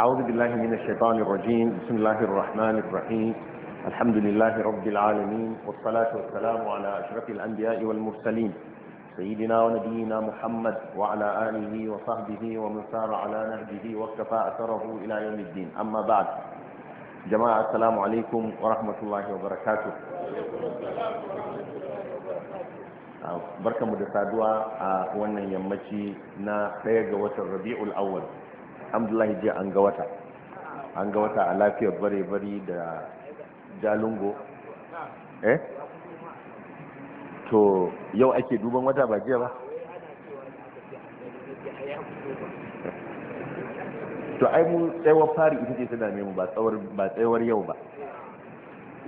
أعوذ بالله من الشيطان الرجيم بسم الله الرحمن الرحيم الحمد لله رب العالمين والصلاة والسلام على أشرف الأنبياء والمرسلين سيدنا ونبينا محمد وعلى آله وصحبه ومن سار على نهجه واكتفى أثره إلى يوم الدين أما بعد جماعة السلام عليكم ورحمة الله وبركاته آه، بركة da saduwa a wannan yammaci na ɗaya ga alhamdulahi jiya an ga wata an ga wata a lafiyar bare bare da jalingo eh to yau ake duban wata ba jiya ba to ai mu tsayawar fari ita ce ta dame mu ba tsayawar yau ba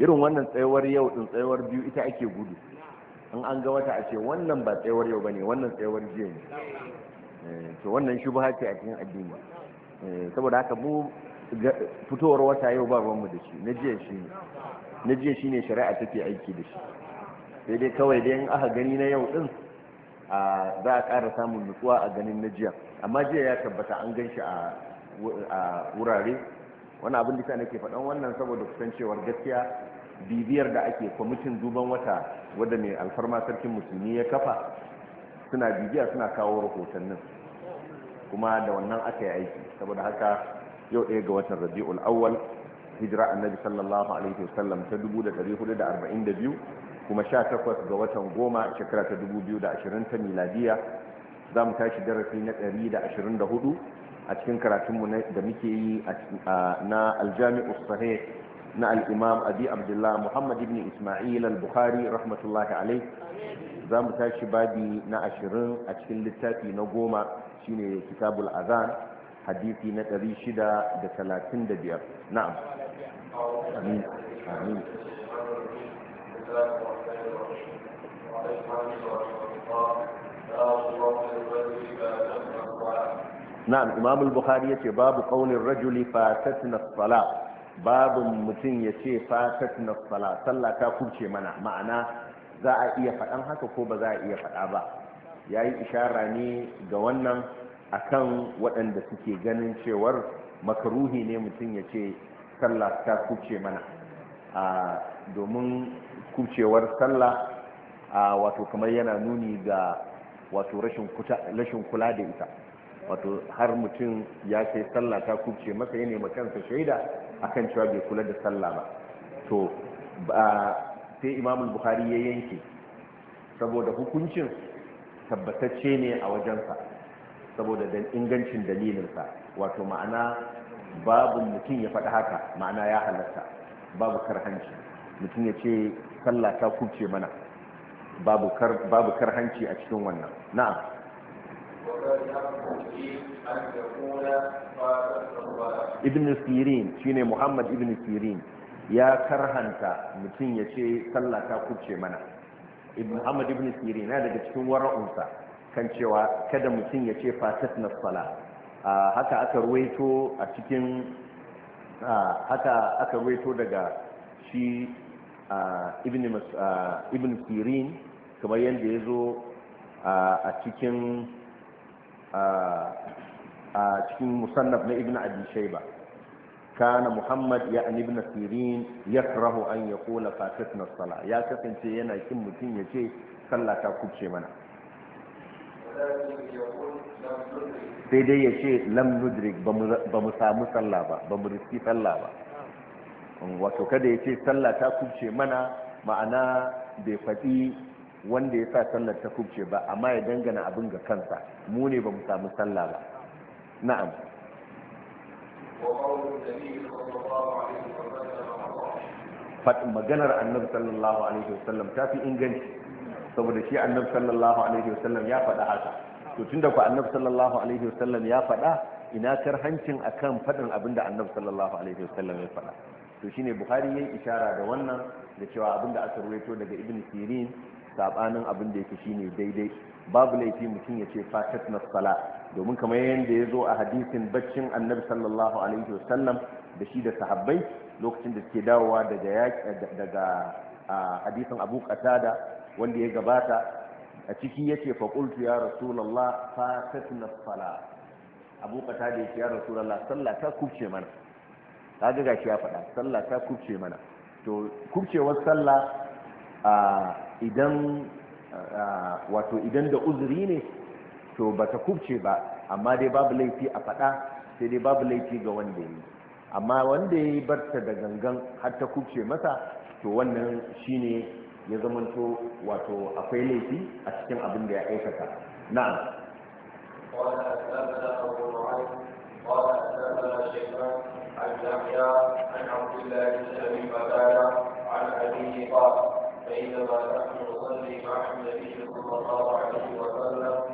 irin wannan tsayawar yau din tsayawar biyu ita ake gudu in an ga wata a ce wannan ba tsayawar yau ba ne wannan tsayawar jiya ne eh, to wannan shubha ce a cikin addini Eh, saboda haka mu fitowar wata yau ba ruwanmu da shi na jiya shi ne shari'a take aiki da shi sai dai kawai dai in aka gani na yau din za a ƙara samun nutsuwa a ganin na jiya amma jiya ya tabbata an gan shi a wurare wani abin da nake faɗan wannan saboda kusancewar gaskiya bibiyar da ake kwamitin duban wata wadda mai alfarma sarkin musulmi ya kafa suna bibiya suna kawo rahotannin kuma da wannan aka yi aiki saboda haka yau ɗaya ga watan rabi'ul awwal hijira annabi sallallahu alaihi wasallam ta 1442 kuma 18 ga watan goma shekara ta 2020 ta miladiya za mu tashi darasi na 124 a cikin karatunmu da muke yi na aljami'u sahih na al'imam abi abdullahi muhammad ibn ismail al-bukhari rahmatullahi alaihi za mu tashi babi na 20 a cikin littafi na goma shine kitabul azan hadisi na 635 na'am amin amin نعم إمام البخاري يتي باب قول الرجل فاتتنا الصلاة باب متن يتي فاتتنا الصلاة صلى تاكل شي منع معنا ذا إيه فتن هكا كوبا ذا إيه فتن ya yi ishara ne ga wannan a kan waɗanda suke ganin cewar makaruhi ne mutum ya ce sallah ta kuce mana domin kucewar sallah wato kamar yana nuni ga wato rashin kula da ita wato har mutum ya ce sallah ta kuce masa ya nema kansa shaida a kan cewa bai kula da sallah ba to sai imamul Buhari ya yanke saboda hukuncin tabbatacce ne a wajensa saboda dan ingancin dalilinsa wato ma'ana babu mutum ya faɗi haka ma'ana ya halatta babu karhanci mutum ya ce sallah ta kubce mana babu karhanci a cikin wannan na'am ibn sirin shine muhammad ibn sirin ya karhanta mutum ya ce sallah ta kubce mana ibn Ahmad ibn Sirin na daga cikin wara'unsa kan cewa kada mutum ya ce fatat na sala haka aka ruwaito a cikin haka aka ruwaito daga shi ibn Sirin kamar yadda ya zo a cikin a musannaf na ibn Abi Shayba kana muhammad ya an ibn sirin yakrahu an ya fatatna as sala ya kasance yana kin mutum yace sallah ta kubce mana sai dai ya ce lam nudrik ba mu samu sallah ba ba mu riski sallah ba wato kada ya ce sallah ta kubce mana ma'ana bai faɗi wanda ya sa sallar ta kubce ba amma ya dangana abin ga kansa mu ne ba mu samu sallah ba na'am faɗin maganar annabi sallallahu alaihi wasallam ta fi inganci saboda shi annabi sallallahu alaihi wasallam ya faɗa haka to tunda ku annabi sallallahu alaihi wasallam ya faɗa ina kar hancin akan faɗin abinda annabi sallallahu alaihi wasallam ya faɗa to shine buhari yayi ishara da wannan da cewa abinda aka ruwaito daga ibn sirin sabanin abinda yake shine daidai babu laifi mutum ya ce fatat na sala domin kamar yadda ya zo a hadisin baccin annabi sallallahu alaihi wasallam da shi da sahabbai lokacin da suke dawowa daga daga hadisin abu qatada wanda ya gabata a ciki yace fa qultu ya rasulullah fatatna sala abu qatada yace ya rasulullah sallah ta kubce mana kaga gashi ya faɗa sallah ta kubce mana to kubcewar sallah idan wato idan da uzuri ne to ba ta kubce ba amma dai babu laifi a faɗa sai dai babu laifi ga wanda yi amma wanda ya yi barta da gangan har ta kubce masa to wannan shine ya zamanto wato akwai laifi a cikin abin da ya aikata na'am نحن نصلي مع النبي صلى الله عليه وسلم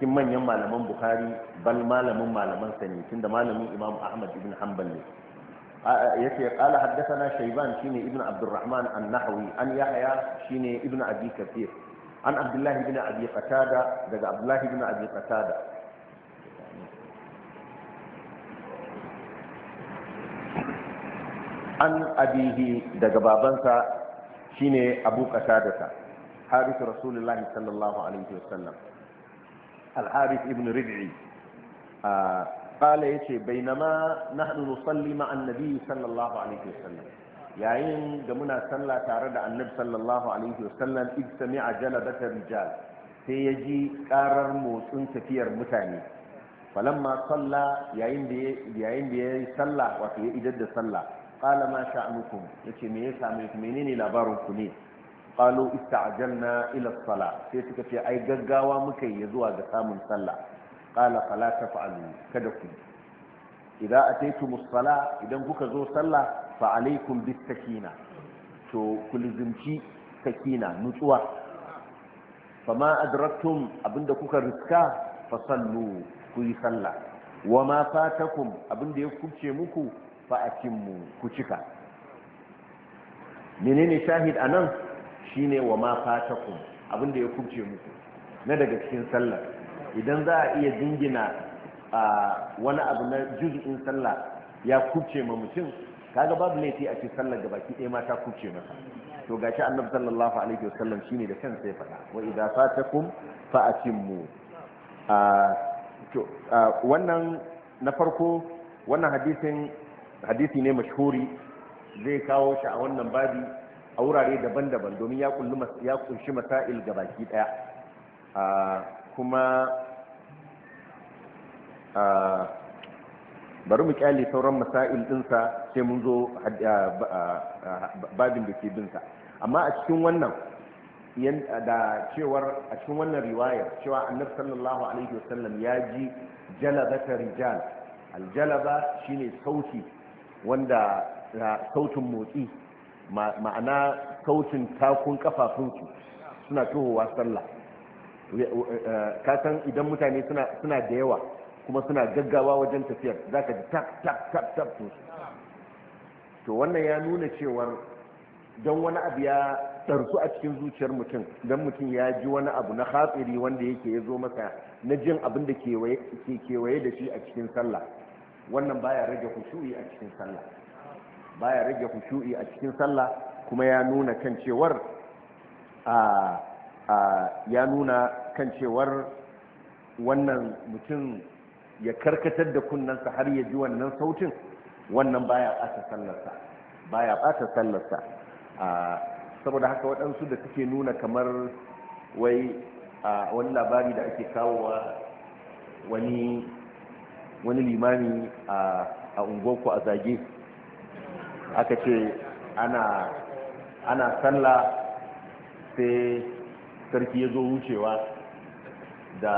cikin manyan malaman bukhari bal malamin malaman sani tunda malamin imam ahmad ibn hanbal ne yace qala haddathana shayban shine ibn abdurrahman an-nahwi an yahya shine ibn abi kathir an abdullah ibn abi qatada daga abdullah ibn abi qatada an abihi daga babansa shine abu qatada harisu rasulullahi sallallahu alaihi wasallam al-harith ibn rib'i qala yace bainama nahnu nusalli ma annabi sallallahu alaihi wasallam yayin da muna sallah tare da annabi sallallahu alaihi wasallam id sami'a jalabata rijal sai ya ji ƙarar motsin tafiyar mutane falamma salla yayin da yayin da yayi sallah wato ya idar da sallah qala ma sha'anukum yace me ya same ku menene labarin ku ne qalu ista'jalna ila as sai suka ce ai gaggawa muka yi zuwa ga samun sallah qala fala taf'alu kada ku idza ataytum as idan kuka zo sallah fa alaykum bis-sakina to ku lizimci sakina nutsuwa Fa ma adraktum abinda kuka riska fa sallu ku yi sallah wa ma fatakum abinda ya kuce muku fa atimmu ku cika menene shahid anan Shi ne wa ma fatakum abin da ya kubce muku na daga cikin sallah idan za a iya dingina wani abu na juz'in sallah ya kubce ma mutum kaga babu laifi a cikin sallar gabaki ɗaya mata ta kubce masa to gashi annabi sallallahu alaihi wasallam shine da kansa ya faɗa wa idza fatakum fa atimmu to wannan na farko wannan hadisin hadisi ne mashhuri zai kawo shi a wannan babi a wurare daban-daban domin ya kunshi masail ga baki daya kuma bari mu kyale sauran masail dinsa sai mun zo babin da ke binsa amma a cikin wannan da cewar a cikin wannan riwayar cewa annabi sallallahu alaihi wasallam ya ji jalabata rijal aljalaba shine sauti wanda sautin motsi ma'ana kaucin takun kafafunsu suna tohowa sallah kasan idan mutane suna da yawa kuma suna gaggawa wajen tafiyar za ka ji tak tak tak tak to wannan ya nuna cewar don wani abu ya tsarsu a cikin zuciyar mutum don mutum ya ji wani abu na hatsiri wanda yake ya zo masa na jin abin da ke kewaye da shi a cikin sallah wannan baya rage kushuyi a cikin sallah baya rage khushu'i a cikin sallah kuma ya nuna kan cewar a ya nuna kan cewar wannan mutum ya karkatar da kunnensa har ya ji wannan sautin wannan baya ɓata sallarsa baya ɓata sallarsa saboda haka waɗansu da suke nuna kamar wai wani labari da ake kawowa wani wani limami a unguwarku a zage aka ce ana ana sallah sai sarki ya zo wucewa da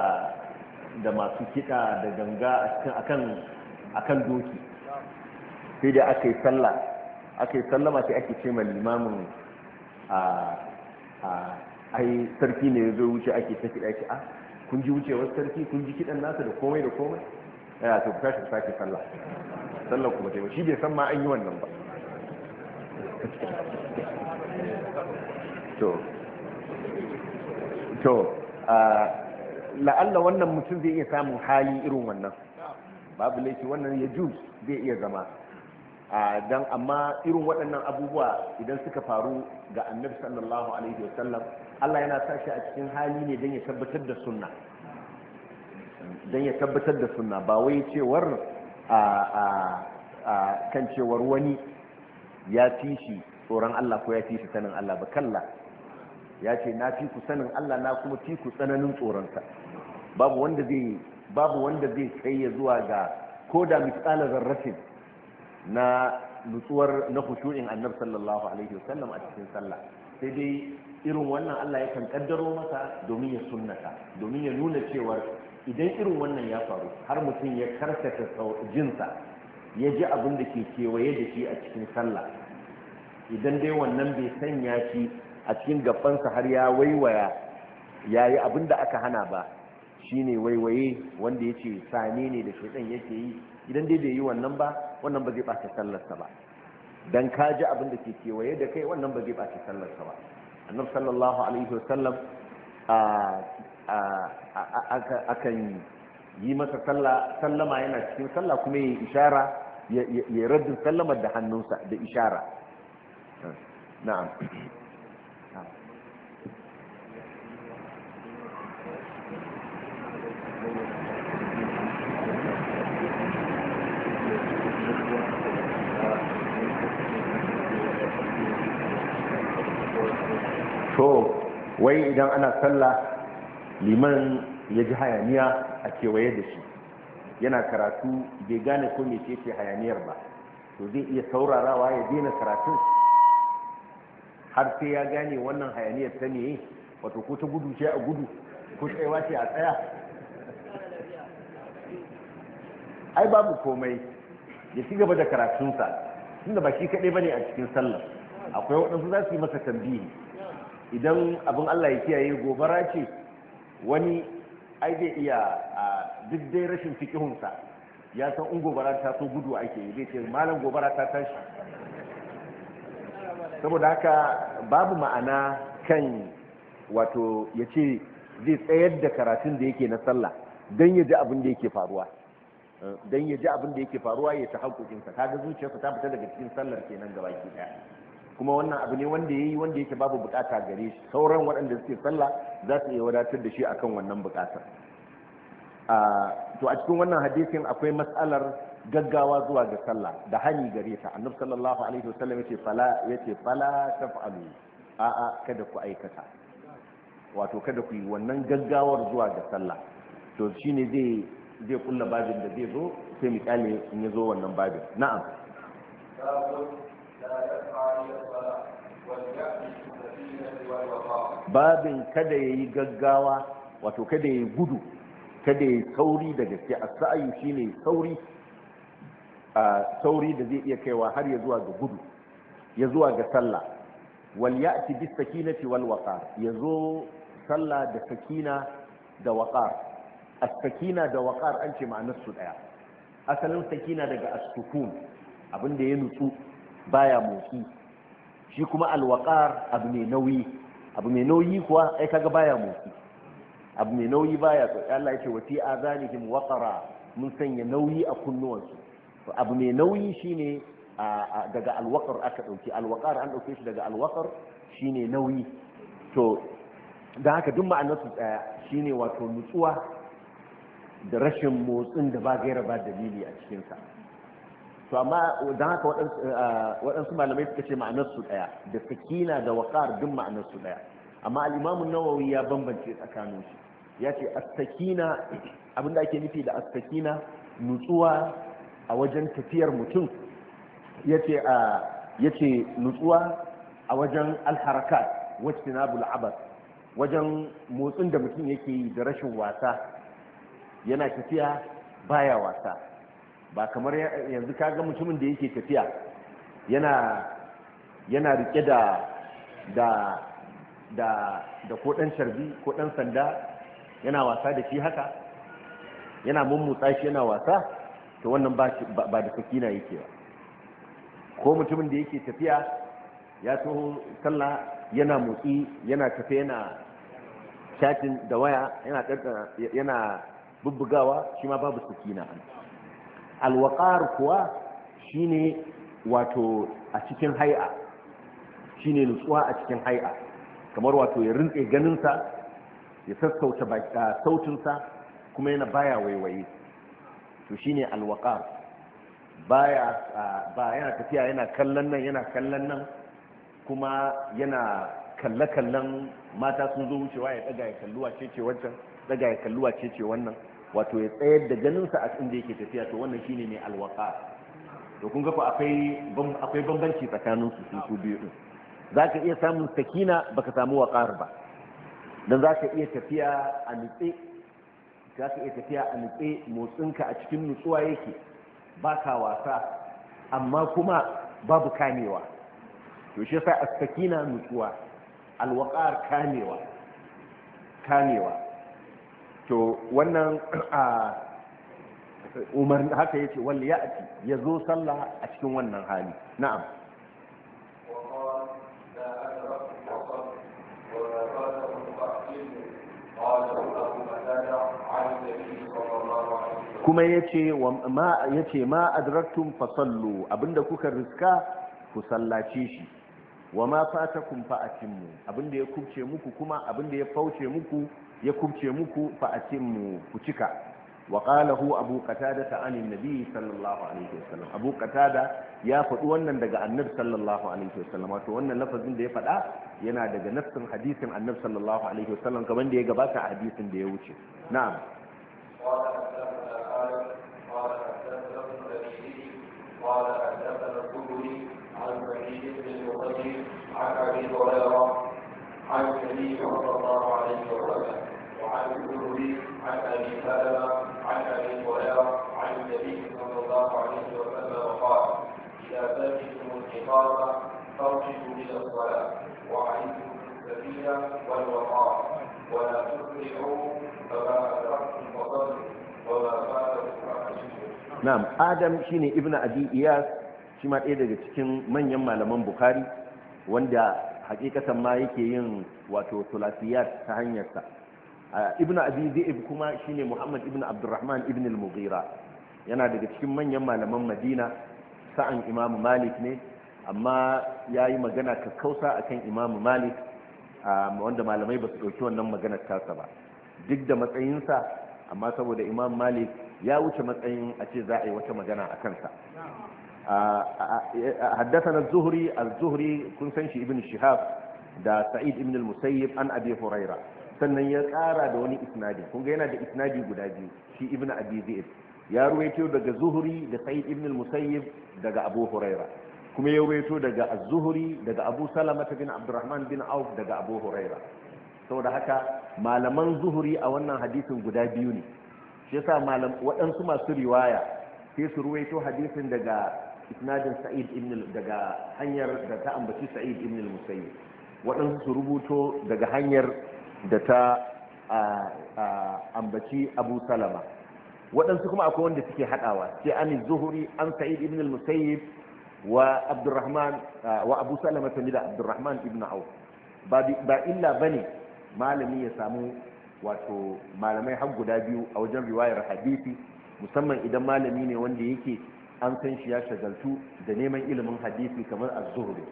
da masu kiɗa da ganga akan akan doki sai da aka yi sallah aka yi sallama sai ake ce ma limamin a a ai sarki ne ya zo wuce ake ta kiɗa ki a ah, kun ji wucewar sarki kun ji kiɗan nasa da komai da komai ya to ku tashi ku sake sallah sallah kuma ta shi bai san ma an yi wannan ba to to la'alla wannan mutum zai iya samun hali irin wannan babu laifi wannan ya juz zai iya zama don amma irin waɗannan abubuwa idan suka faru ga annabi sallallahu alaihi wasallam Allah yana shi a cikin hali ne don ya tabbatar da sunna don ya tabbatar da sunna ba wai cewar kan cewar wani ya fi shi tsoron Allah ko ya fi shi sanin Allah ba kalla ya ce na fi ku sanin Allah na kuma fi ku tsananin tsoronsa babu wanda zai babu wanda zai kai ya zuwa ga ko da misalar zarrafin na nutsuwar na hushu'in annabi sallallahu alaihi wasallam a cikin sallah sai dai irin wannan Allah ya kan kaddaro masa domin ya sunnata domin ya nuna cewar idan irin wannan ya faru har mutum ya karkata jinsa ya ji abin da ke kewaye da shi a cikin sallah idan dai wannan bai sanya shi a cikin gabansa har ya waiwaya ya yi abin da aka hana ba shine waiwaye wanda ya ce sane ne da shedan yake yi idan dai bai yi wannan ba wannan ba zai sallar sallarsa ba dan ka ji abin da ke kewaye da kai wannan ba zai sallar sallarsa ba annab sallallahu alaihi wasallam akan yi masa sallama yana cikin sallah kuma ya yi ya raddin sallamar da hannunsa da ishara na'am to wai idan ana sallah liman ya ji hayaniya a kewaye da shi yana karatu bai gane ko mai ce hayaniyar ba to zai iya saurarawa ya daina karatun har sai ya gane wannan hayaniyar ta ne wato ko ta gudu ce a gudu ko tsayawa ce a tsaya ai babu komai ya ci gaba da karatunsa tunda ba shi kaɗai ba ne a cikin sallah akwai waɗansu za su yi masa tambihi idan abin Allah ya kiyaye gobara ce wani ai zai iya a duk dai rashin fikihunsa ya san in gobara ta so gudu ake yi zai ce malam gobara ta tashi saboda haka babu ma'ana kan wato ya ce zai tsayar da karatun da yake na sallah don ya ji abin da yake faruwa don ya ji abin da yake faruwa ya ta haƙoƙinsa ta ga zuciyarsa ta fita daga cikin sallar kenan gaba ke ɗaya kuma wannan abu ne wanda ya yi wanda yake babu bukata gare shi sauran waɗanda suke sallah za su iya wadatar da shi akan wannan bukatar to a cikin wannan hadisin akwai matsalar gaggawa zuwa ga sallah da hani gare ta annabi sallallahu alaihi wasallam yace fala yace fala taf'alu a a kada ku aikata wato kada ku yi wannan gaggawar zuwa ga sallah to shine zai zai kulla babin da zai zo sai mu kyale in ya zo wannan babin na'am babin kada yayi gaggawa wato kada yayi gudu kada ya sauri da gaske a shi ne sauri a sauri da zai iya kaiwa har ya zuwa ga gudu ya zuwa ga sallah wal ya bi bis sakinati wal waƙar ya zo sallah da sakina da waƙar a sakina da waƙar an ce ma'anar su ɗaya asalin sakina daga as abinda ya nutsu baya motsi shi kuma alwaƙar abu nauyi abu mai nauyi kuwa ai kaga baya motsi abu mai nauyi baya so Allah yake wati azanihim waqara mun sanya nauyi a kunnuwansu abu mai nauyi shine daga alwaqar aka dauki alwaqar an dauke shi daga alwakar shine nauyi to da haka duk ma'anar su shine wato nutsuwa da rashin motsin da ba gaira ba dalili a cikin sa to amma don haka waɗansu malamai suka ce ma'anar su ɗaya da sakina da waƙar duk ma'anar su ɗaya amma al'imamun nawawi ya bambance tsakanin su ya ce astakina abinda ake nufi da astakina nutsuwa a wajen tafiyar mutum ya ce nutsuwa a wajen alharakat wacce na bul'abar wajen motsin da mutum yake yi da rashin wasa yana tafiya baya wasa ba kamar yanzu kaga mutumin da yake tafiya yana rike da da da da ko dan sharbi ko dan sanda yana wasa da shi haka yana mummutsa shi yana wasa to wannan ba da sakina yake ba ko mutumin da yake tafiya ya taho sallah yana motsi yana tafe yana chatting da waya yana yana bubbugawa shi ma babu sakina alwaqar kuwa shine wato a cikin hai'a shine nutsuwa a cikin hai'a kamar wato ya rintse ganinsa ya sassauta sautinsa kuma yana baya waiwaye to shi ne alwakar ba yana tafiya yana kallon nan yana kallon nan kuma yana kalle-kallen mata sun zo wucewa ya daga ya kalluwa cece wancan daga ya kalluwa cece wannan wato ya tsayar da ganinsa a inda yake tafiya to wannan shine ne alwaka to kun ga ko akwai akwai bambanci tsakanin su su biyu za ka iya samun sakina baka samu waqar ba don za ka iya tafiya a nutse za ka iya tafiya a nutse motsinka a cikin nutsuwa yake ba ka wasa amma kuma babu kamewa to shi sai na nutsuwa al kamewa kamewa to wannan a umar haka yace wal ya'ti yazo sallah a cikin wannan hali na'am kuma yace ma yace ma adraktum fasallu abinda kuka riska ku sallace shi wa ma fatakum fa atimmu abinda ya kubce muku kuma abinda ya fauce muku ya kubce muku fa atimmu ku cika wa qala hu abu qatada ta anin nabi sallallahu alaihi wasallam abu qatada ya faɗi wannan daga annab sallallahu alaihi wasallam wato wannan lafazin da ya faɗa yana daga nafsin hadisin annab sallallahu alaihi wasallam kamar da ya gabata a hadisin da ya wuce na'am والوقار ولا تسرعوا فما أدركتم فضلوا نعم ادم شيني ابن ابي اياس ɗaya daga cikin manyan malaman Bukhari, wanda hakikatan ma yake yin wato tulafiyar ta hanyarsa ibn abi zaib kuma shine muhammad ibn abdurrahman ibn al-mughira yana daga cikin manyan malaman madina sa'an imamu malik ne amma ya yi magana kakkausa akan imamu malik Um, wanda malamai ba su ɗauki wannan maganar tasa ba duk da matsayinsa amma saboda imam malik ya wuce matsayin a ce za a yi wata magana a kansa haddasa na zuhri al-zuhri kun san shi ibn shihab da sa'id ibn al-musayyib an abi huraira sannan ya ƙara da wani isnadi kun yana da isnadi guda biyu shi ibn abi zaid ya ruwaito daga zuhuri da sa'id ibn al-musayyib daga abu huraira kuma ya waito daga az-zuhri daga abu salama bin abdurrahman bin auf daga abu huraira saboda haka malaman zuhri a wannan hadisin guda biyu ne shi yasa malam waɗansu masu riwaya sai su ruwaito hadisin daga isnadin sa'id ibn daga hanyar da ta ambaci sa'id ibn al-musayyib waɗansu su rubuto daga hanyar da ta ambaci abu salama waɗansu kuma akwai wanda suke haɗawa sai an zuhri an sa'id ibn al-musayyib وعبد الرحمن وأبو سلمة مدى عبد الرحمن ابن عوف با إلا بني malami ya samu wato malamai har guda biyu a wajen riwayar hadisi musamman idan malami ne wanda yake an san shi ya shagaltu da neman ilimin hadisi kamar az-zuhri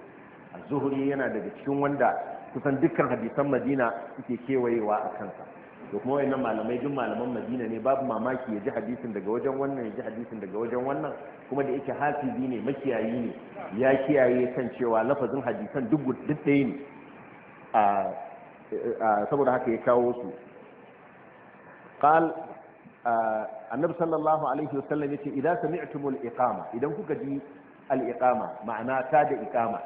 az-zuhri yana daga cikin wanda kusan dukkan hadisan madina suke kewayewa a kansa to kuma wayannan malamai duk malaman madina ne babu mamaki ya ji hadisin daga wajen wannan ya ji hadisin daga wajen wannan kuma da yake hafizi ne makiyayi ne ya kiyaye kan cewa lafazin hadisan duk duk ɗaya ne a saboda haka ya kawo su qal annabi sallallahu alaihi wasallam yace idan sami'tumul iqama idan kuka ji al iqama ma'ana ta da iqama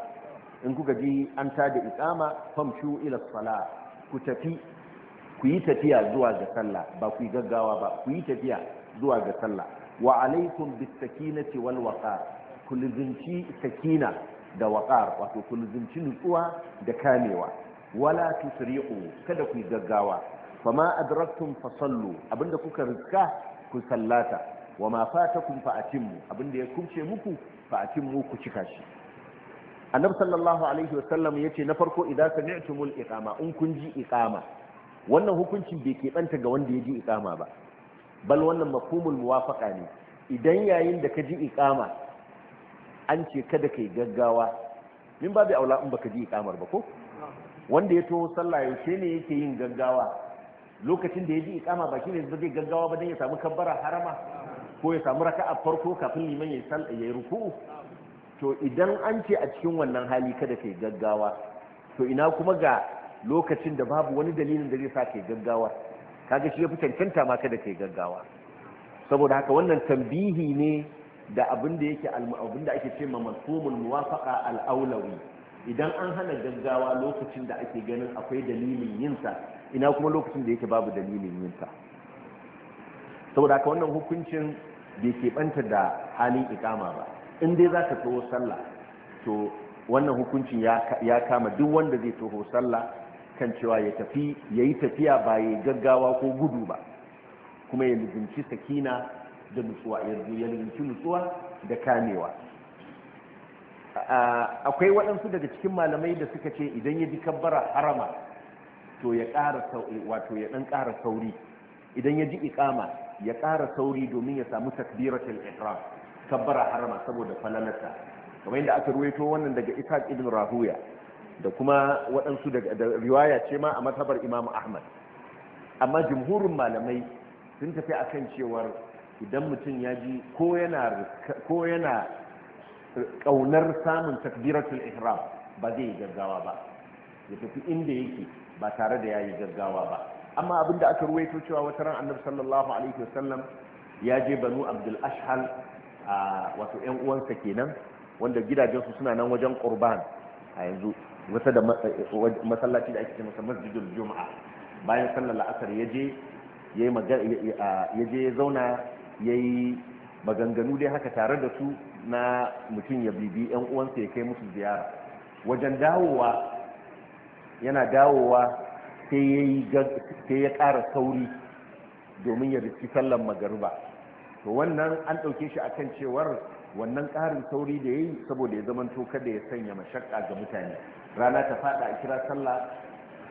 in kuka ji an ta da iqama famshu ila salat ku tafi ku yi tafiya zuwa ga sallah ba ku yi gaggawa ba ku yi tafiya zuwa ga sallah wa alaikum bis wal waqar ku sakina da waqar wato ku lizinci nutsuwa da kamewa wala tusri'u kada ku yi gaggawa fama adraktum fasallu abinda kuka rika ku sallata wa ma fatakum fa atimmu abinda ya kumce muku fa atimmu ku cika shi annabi sallallahu alaihi wasallam yace na farko idan sami'tumul iqama in kun ji iqama wannan hukuncin bai keɓanta ga wanda ya ji ikama ba bal wannan mafhumul muwafaka ne idan yayin da ka ji ikama an ce kada kai gaggawa min ba bai aula in baka ji ikamar ba ko wanda ya taho sallah yaushe ne yake yin gaggawa lokacin da ya ji ikama ba shine zai gaggawa ba dan ya samu kabbara harama ko ya samu raka a farko kafin liman ya sal ya ruku to idan an ce a cikin wannan hali kada kai gaggawa to ina kuma ga lokacin da babu wani dalilin da zai sa ke gaggawa kaga shi ya yafi cancanta ma kada kai gaggawa saboda haka wannan tambihi ne da abin da yake abin da ake ce ma mafhumul muwafaqa al idan an hana gaggawa lokacin da ake ganin akwai dalilin yinsa ina kuma lokacin da yake babu dalilin yinsa saboda haka wannan hukuncin bai bantar da halin ikama ba in dai za ka toho sallah to wannan hukuncin ya kama duk wanda zai toho sallah kan cewa ya tafi ya yi tafiya baya gaggawa ko gudu ba kuma ya lizinci sakina da nutsuwa ya lizinci nutsuwa da kamewa akwai waɗansu daga cikin malamai da suka ce idan ya ji kabbara harama to ya ƙara wato ya ɗan ƙara sauri idan ya ji iƙama ya ƙara sauri domin ya samu takbiratul ihram kabbara harama saboda falalata kamar yadda aka ruwaito wannan daga ishaq ibn rahuya da kuma waɗansu da riwaya ce ma a matabar imamu ahmad amma jimhurin malamai sun tafi a kan cewar idan mutum ya ji ko yana ƙaunar samun takbiratul ihram ba zai yi gaggawa ba ya tafi inda yake ba tare da ya yi gaggawa ba amma abin da aka ruwaito cewa wata ran annabi sallallahu alaihi wasallam ya je banu abdul ashhal a wato yan uwansa kenan wanda gidajensu suna nan wajen qurban a yanzu wasa da eh, masallaci da ake masa masjidul juma'a bayan sallar la'asar ya je ya zauna ya yi maganganu dai haka tare da su na mutum ya bibi yan uwansa ya kai musu ziyara wajen dawowa yana dawowa sai ya ƙara sauri domin ya riski sallar magariba to wannan an ɗauke shi akan cewar wannan karin sauri da ya saboda ya zamanto kada ya sanya mashakka ga mutane rana ta fada a kira sallah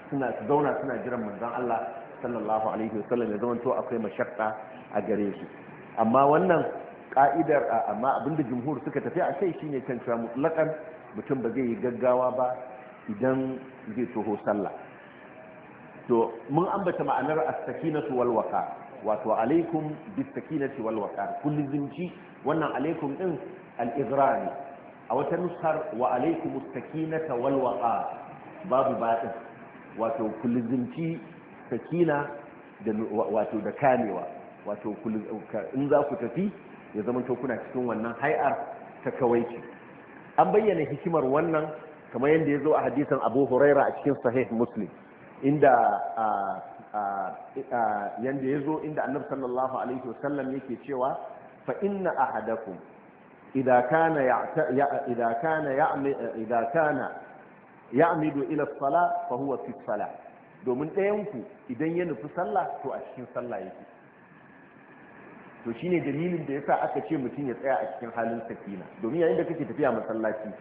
suna zauna suna jiran manzon Allah sallallahu alaihi wasallam ya zama to akwai mashakka a gare su amma wannan ka'idar amma abinda jumhur suka tafi a kai shine kan cewa mutlakan mutum ba zai yi gaggawa ba idan zai toho sallah to mun ambata ma'anar as-sakinatu wal waqa wato alaikum bis sakinati wal waqa kullu zinci wannan alaikum din al-igrani a wata nushar wa alaikum sakinata wal waqa babu baɗi wato kulzinci sakina da wato da kamewa wato in za ku tafi ya zama to kuna cikin wannan hai'ar ta kawaici an bayyana hikimar wannan kamar yadda ya zo a hadisan abu huraira a cikin sahih muslim inda yadda ya zo inda annabi sallallahu alaihi wasallam yake cewa fa inna ahadakum إذا كان إذا كان إذا كان يعمد إلى الصلاة فهو في الصلاة domin ɗayanku idan ya nufi sallah to a cikin sallah yake to shine dalilin da yasa aka ce mutum ya tsaya a cikin halin sakina domin yayin da kake tafiya masallaci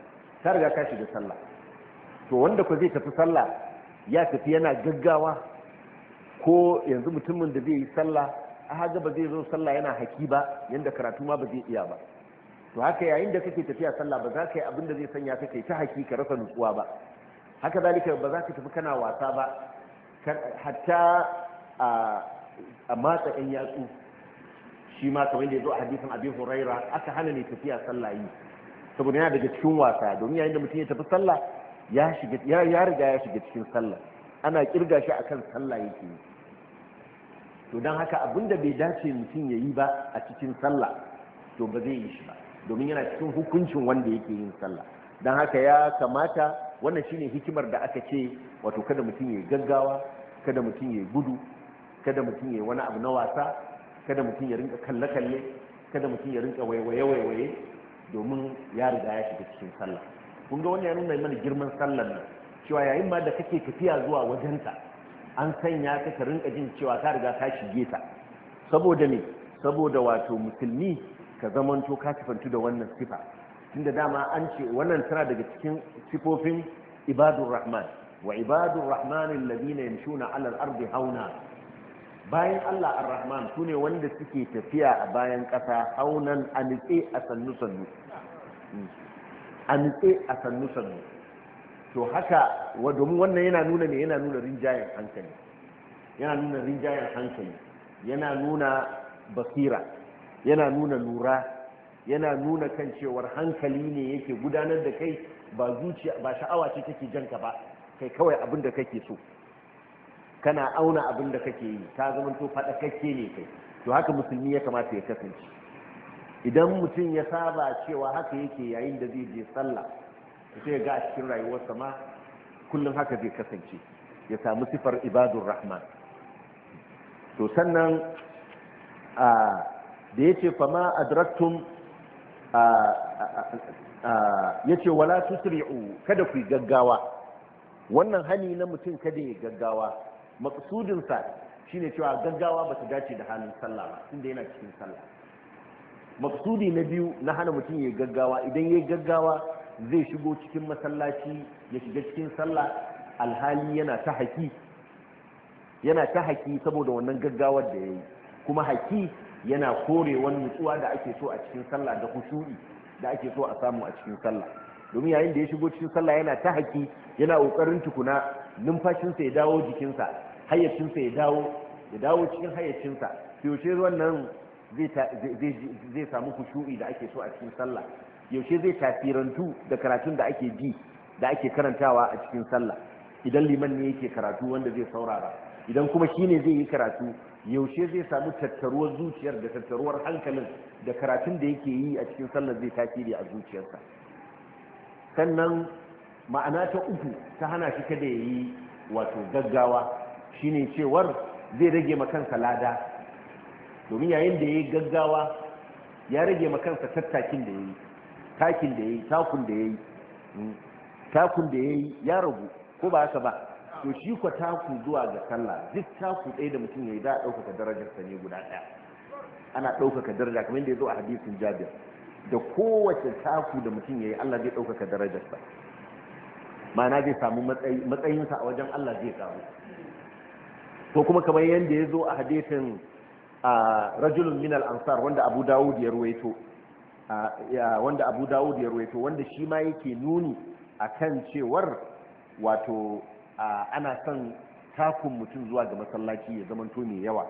ka riga ka shiga sallah to wanda ko zai tafi sallah ya tafi yana gaggawa ko yanzu mutumin da zai yi sallah a haga ba zai zo sallah yana haki ba yanda karatu ma ba zai iya ba to haka yayin da kake tafiya sallah ba za ka yi abin da zai sanya kake ta hakika rasa nutsuwa ba haka zalika ba za ka tafi kana wasa ba hatta a matsa ɗan yatsu shi ma kamar da ya zo a hadisin abin huraira aka hana ne tafiya sallah yi saboda yana daga cikin wasa domin yayin da mutum ya tafi sallah ya riga ya shiga cikin sallah ana kirga shi akan sallah yake yi to don haka abinda bai dace mutum ya yi ba a cikin sallah to ba zai yi shi ba domin yana cikin hukuncin wanda yake yin sallah don haka ya kamata wannan shine hikimar da aka ce wato kada mutum ya gaggawa kada mutum ya gudu kada mutum ya wani abu na wasa kada mutum ya rinka kalle-kalle kada mutum ya rinka waye waye domin ya riga ya shiga cikin sallah kun ga wani ya nuna mana girman sallar nan cewa yayin ma da kake tafiya zuwa wajenta an sanya ka ka rinka jin cewa ka riga ka shige ta saboda ne saboda wato musulmi ka zamanto ka sifantu da wannan sifa tunda dama an ce wannan tana daga cikin sifofin ibadun rahman wa ibadun rahmanin alladhina yamshuna ala al arbi hauna bayan Allah ar-rahman sune wanda suke tafiya a bayan kasa haunan a nitse a sannu sannu hmm. a nitse a sannu sannu to haka wa domin wannan yana nuna ne yana nuna rinjayen hankali yana nuna rinjayen hankali yana nuna basira yana nuna lura yana nuna kan cewar hankali ne yake gudanar da kai ba zuciya ba sha'awa ce take ka ba kai kawai abin da kake so kana auna abin da kake yi ka zama to faɗakakke ne kai to haka musulmi ya kamata ya kasance idan mutum ya saba cewa haka yake yayin da zai je sallah sai ga a cikin rayuwarsa ma kullum haka zai kasance ya samu sifar ibadur rahman to sannan a da ya ce fama adraktum yace wala tusri'u kada ku gaggawa wannan hani na mutum kada ya gaggawa maqsudin sa shine cewa gaggawa ba ta dace da halin sallah ba tunda yana cikin sallah maksudi na biyu na hana mutum ya gaggawa idan ya gaggawa zai shigo cikin masallaci ya shiga cikin sallah alhali yana ta haki yana ta haki saboda wannan gaggawar da ya yi kuma haki yana kore wani nutsuwa da ake so a cikin sallah da kusuri da ake so a samu a cikin sallah domin yayin da ya shigo cikin sallah yana ta haƙi yana ƙoƙarin tukuna numfashinsa ya dawo jikinsa hayyacinsa ya dawo ya dawo cikin hayyacinsa yaushe wannan zai samu kushu'i da ake so a cikin sallah yaushe zai tafirantu da karatun da ake bi da ake karantawa a cikin sallah idan liman ne yake karatu wanda zai saurara idan kuma shine zai yi karatu yaushe zai samu tattaruwar zuciyar da tattaruwar hankalin da karatun da yake yi a cikin sallar zai tasiri a zuciyarsa sannan ma'ana ta uku ta hana shi kada ya yi wato gaggawa shine cewar zai rage kansa lada domin yayin da ya yi gaggawa ya rage kansa tattakin da ya yi takin da ya yi takun da ya yi hmm, takun da ya yi ya ragu ko ba haka ba to shi kwa taku zuwa ga sallah duk taku ɗaya da mutum ya yi za a ɗaukaka darajar sa ne guda ɗaya ana ɗaukaka daraja kamar yadda ya zo a hadisin jabir da kowace taku da mutum ya yi Allah zai ɗaukaka darajar sa ma'ana zai samu matsayin sa a wajen Allah zai samu ko kuma kamar yadda ya zo a hadisin rajulun min ansar wanda Abu Dawud ya ruwaito wanda Abu Dawud ya ruwaito wanda shi ma yake nuni akan cewar wato ana son takun mutum zuwa ga masallaci ya zamanto mai yawa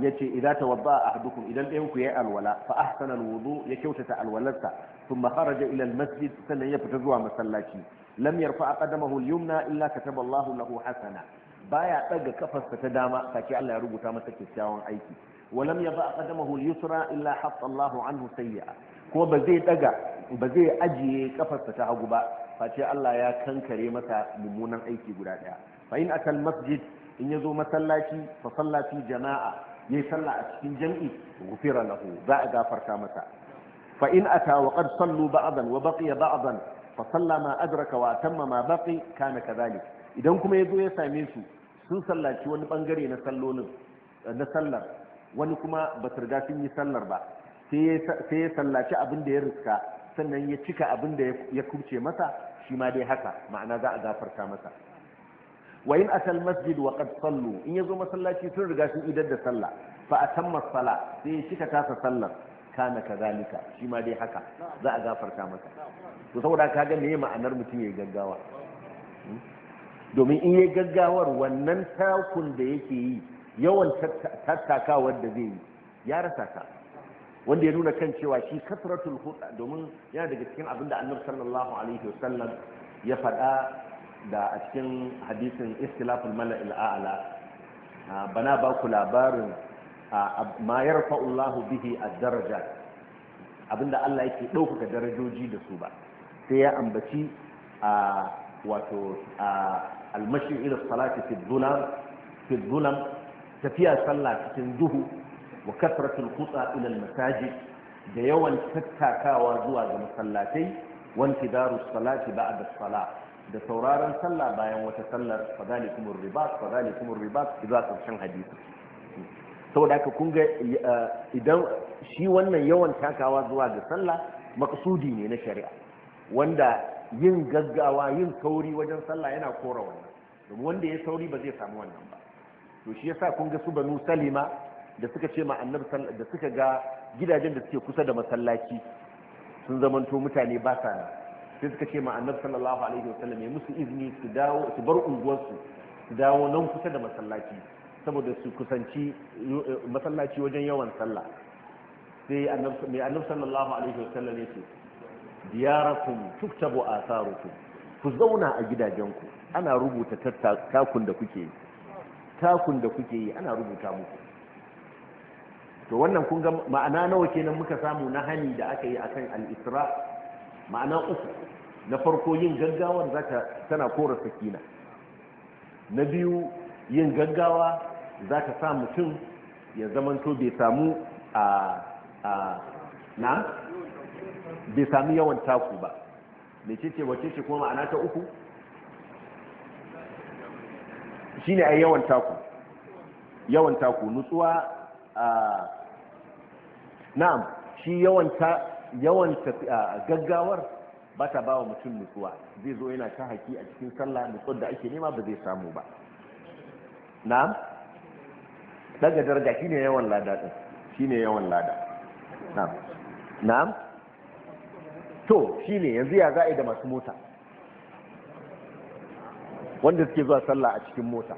ya ce idan ta wadda a hadukun idan ɗayan ku ya yi alwala fa ahsan alwudu ya kyautata alwalarsa sun makaraja ilal masjid sannan ya fita zuwa masallaci lam yarfa aqdamahu al-yumna illa kataba Allahu lahu hasana baya daga kafarsa ta dama sake Allah ya rubuta masa kyakkyawan aiki walam yaba aqdamahu al-yusra illa hatta Allahu anhu sayyi'a ko ba zai daga ba zai ajiye kafarsa ta hagu ba face Allah ya kankare masa mummunan aiki guda daya fa in masjid in yazo masallaci fa sallati jama'a yayi salla a cikin jam'i gufira lahu za a gafarta masa fa in ata wa qad sallu ba'dan wa baqiya ba'dan fa salla ma adraka wa atamma ma baqi kana kadhalik idan kuma yazo ya same su sun sallaci wani bangare na na sallar wani kuma ba su riga sun yi sallar ba sai ya sallaci abin da ya riska sannan ya cika abin da ya kuce masa shi ma dai haka ma'ana za a gafarta masa wa in atal masjid wa qad sallu in yazo masallaci sun riga sun idar da sallah fa atamma sala sai ya cika tasa sallar kana kazalika shi ma dai haka za a gafarta masa to saboda ka ga meye ma'anar mutum yayi gaggawa hmm? domin in yayi gaggawar wannan takun da yake yi yawan tattakawar da zai yi ya rasa ta wanda ya nuna kan cewa shi kasratul huda domin yana daga cikin abin da annabi sallallahu alaihi wasallam ya faɗa da a cikin hadisin istilaful mala'il a'la ah, bana ba ku labarin ma yarfa'u Allahu bihi ad-darajat abinda Allah yake ɗaukaka darajoji da su ba sai ya ambaci a wato almashin ila salati fi dhulam fi dhulam tafiya sallah cikin duhu wa kasratul khutsa ila masajid da yawan tattakawa zuwa ga masallatai wa intidaru salati ba'da salah da sauraron sallah bayan wata sallar fadalikumur ribat fadalikumur ribat idza karshen hadisi saboda haka kun ga eh, idan shi wannan yawan takawa zuwa ga sallah maksudi ne na shari'a wanda yin gaggawa yin sauri wajen sallah yana kora wannan domin wanda ya sauri ba zai samu wannan ba to shi yasa kun ga su banu salima da suka ce ma annabi da suka ga gidajen da suke kusa da masallaci sun zamanto mutane ba sa nan sai suka ce ma annabi sallallahu alaihi wasallam ya musu izini su dawo su bar unguwar su dawo nan kusa da masallaci saboda su kusanci eh, masallaci wajen yawan sallah sai mai annabi sallallahu alaihi wasallam ya ce diyarakum tuktabu atharukum ku zauna a gidajenku ana rubuta takun da kuke yi takun da kuke yi ana rubuta muku to wannan kun ga ma'ana nawa kenan muka samu na hani da aka yi akan al-isra ma'ana uku na farko yin gaggawa zaka tana kora sakina na biyu yin gaggawa zaka sa mutum ya zamanto bai samu a a na bai samu yawan taku ba Me ce wace ce kuma ma'ana ta uku shine ai yawan taku yawan taku nutsuwa na'am shi yawan gaggawar ba ta ba wa mutum nutsuwa zai zo yana ta haki a cikin sallah nutsuwar da ake nema ba zai samu ba na'am daga daraja shi ne yawan lada ɗin, shi ne yawan lada na'am na'am to shi ne, yanzu ya za'i da masu mota wanda suke zuwa sallah a cikin mota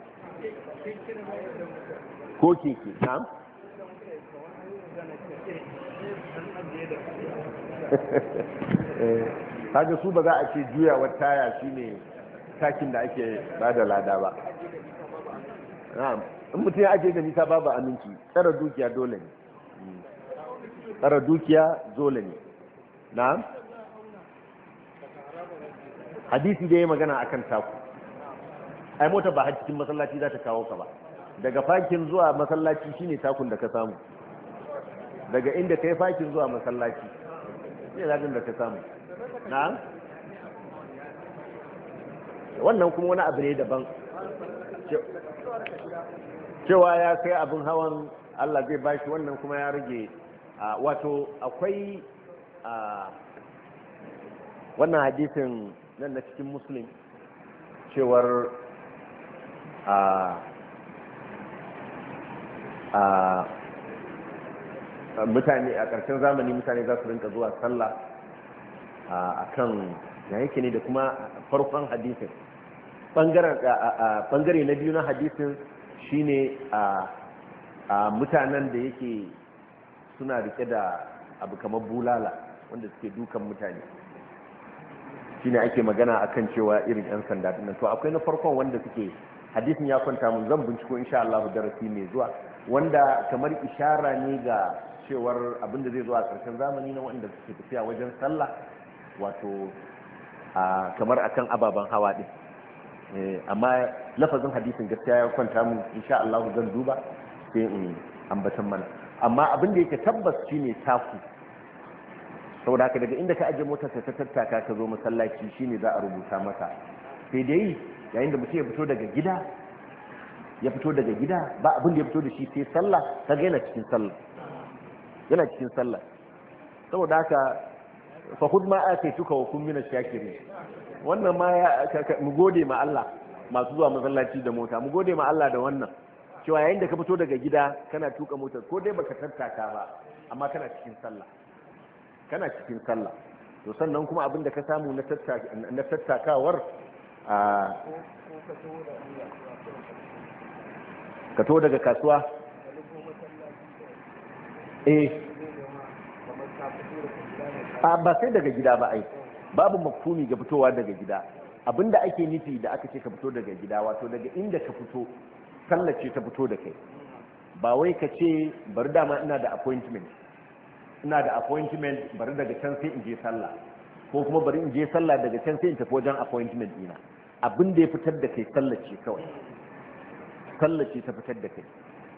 ko keke na'am Eh, kaga su ba za a ce juyawar taya shi ne takin da ake ba da lada ba in mutum ya ake gani ta babu aminci tsara dukiya dole ne tsara dukiya dole ne na hadisi da ya magana akan taku ai mota ba cikin masallaci za ta kawo ka ba daga fakin zuwa masallaci shine takun da ka samu daga inda ta yi fakin zuwa masallaci ne da ta samu na wannan kuma wani abu ne daban cewa ya sai abin hawan allah zai bashi wannan kuma ya rage wato akwai wannan hadisin nan na cikin muslim cewar a mutane a ƙarshen zamani mutane za su rinka zuwa sallah a kan ya yake ne da kuma farkon hadisin ɓangare na biyu na hadisin shine a mutanen da yake suna rike da abu kamar bulala wanda suke dukan mutane shine ake magana akan cewa irin 'yan sanda dinnan to akwai na farkon wanda suke hadisin ya kwanta mun zan binciko insha Allah darasi mai zuwa wanda kamar ishara ne ga cewar abinda zai zo a ƙarshen zamani na wanda suke tafiya wajen sallah wato kamar akan ababen hawa ɗin eh, amma lafazin hadisin gaskiya ya kwanta mun insha Allah zan duba sai in ambatan mana amma abin da yake tabbas shine taku saboda daga inda ka ajiye motar ta tattaka ka zo masallaci shine za a rubuta maka sai dai yayin da mutum ya fito daga gida ya fito daga gida ba abin da ya fito da shi sai sallah ka gaina cikin sallah yana cikin sallah saboda haka fa hud ma tuka wa kun min shakirin wannan ma ya mu gode ma Allah masu zuwa masallaci da mota mu gode ma Allah da wannan cewa yayin da ka fito daga gida kana tuka motar ko dai baka tattaka ba amma kana cikin sallah kana cikin sallah to sannan kuma abin da ka samu na na tattakawar a ka to daga kasuwa eh ba sai daga gida ba ai babu mafhumi ga fitowa daga gida abinda ake nufi da aka ce ka fito daga gida wato daga inda ka fito sallace ta fito da kai ba wai ka ce bari dama ina da appointment ina da appointment bari daga can sai in je sallah ko kuma bari in je sallah daga can sai in tafi wajen appointment dina abin da ya fitar da kai sallace kawai sallace ta fitar da kai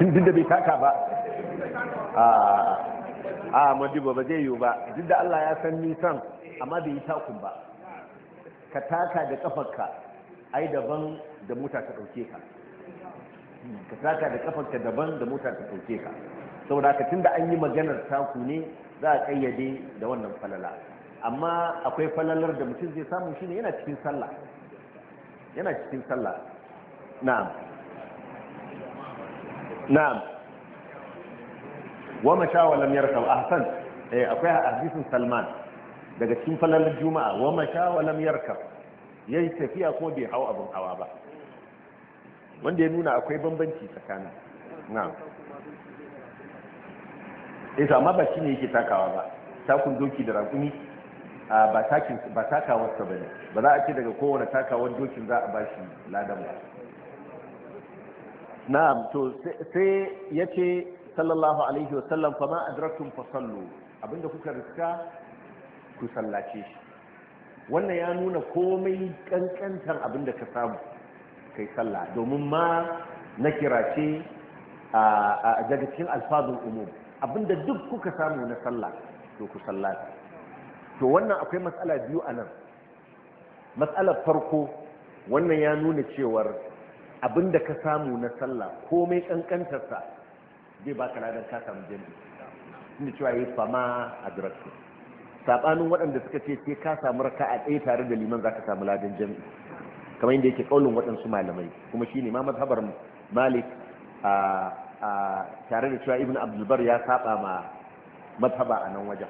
duk da bai taka ba a madiba ba zai yiwu ba duk da Allah ya san nisan amma bai yi takun ba ka taka da kafarka ai daban da mota ta ɗauke ka ka taka da kafarka daban da mota ta ɗauke ka saboda ka tun da an yi maganar taku ne za a ƙayyade da wannan falala amma akwai falalar da mutum zai samu ne yana cikin sallah yana cikin sallah na'am na'am wa masha wa a yarkab ahsan eh akwai hadisin Salman daga cikin falalar juma'a wa mashawalam wa lam yarkab yayi tafiya ko bai hau abin hawa ba wanda ya nuna akwai bambanci tsakanin na'am eh amma ba shine yake takawa ba takun doki da rakumi ba takin ba takawarsa ba ne ba za a ce daga kowane takawar dokin za a bashi ladan ba na'am to sai ya ce sallallahu alaihi wasallam fa ma adraktum fa sallu abinda kuka riska ku sallace shi wannan ya nuna komai kankantar abinda ka samu kai sallah domin ma na kirace a daga cikin alfazun umum abinda duk kuka samu na sallah to ku sallace. to wannan akwai matsala biyu a nan matsalar farko wannan ya nuna cewar abin da ka samu na sallah ko mai kankantarsa zai ba ka ladar ka samu jami inda cewa ya yi fama a direction saɓanin waɗanda suka ce sai ka samu raka a ɗaya tare da liman za ka samu ladan jami kamar yadda yake ƙaunin waɗansu malamai kuma shi ne ma mazhabar malik a tare da cewa ibn abdulbar ya saɓa ma mazhaba a nan wajen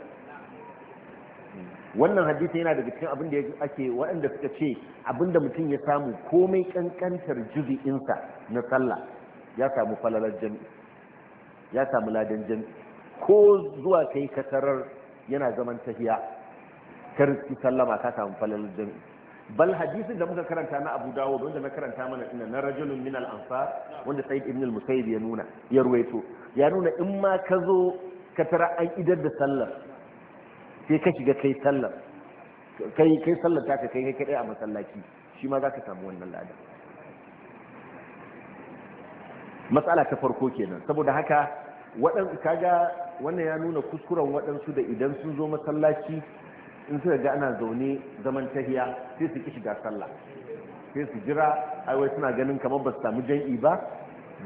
wannan hadisi yana daga cikin abin da ake waɗanda suka ce abin da mutum ya samu komai kankantar juzi'insa na sallah ya samu falalar jami ya samu ladan jami ko zuwa kai katarar yana zaman tahiya kar ki sallama ka samu falalar jami bal hadisin da muka karanta na Abu Dawud wanda na karanta mana ina na rajulun min al-ansar wanda Sa'id ibn al-Musayyib ya nuna ya ruwaito ya nuna in ma ka zo ka tara an idar da sallar sai ka shiga kai sallar kai kai sallar ta ka kai kai kai a masallaci shi ma za ka samu wannan lada matsala ta farko kenan saboda haka wadan kaga wannan ya nuna kuskuren waɗansu da idan sun zo masallaci in suka ga ana zaune zaman tahiya sai su ki shiga sallah sai su jira ai wai suna ganin kamar ba su samu jam'i ba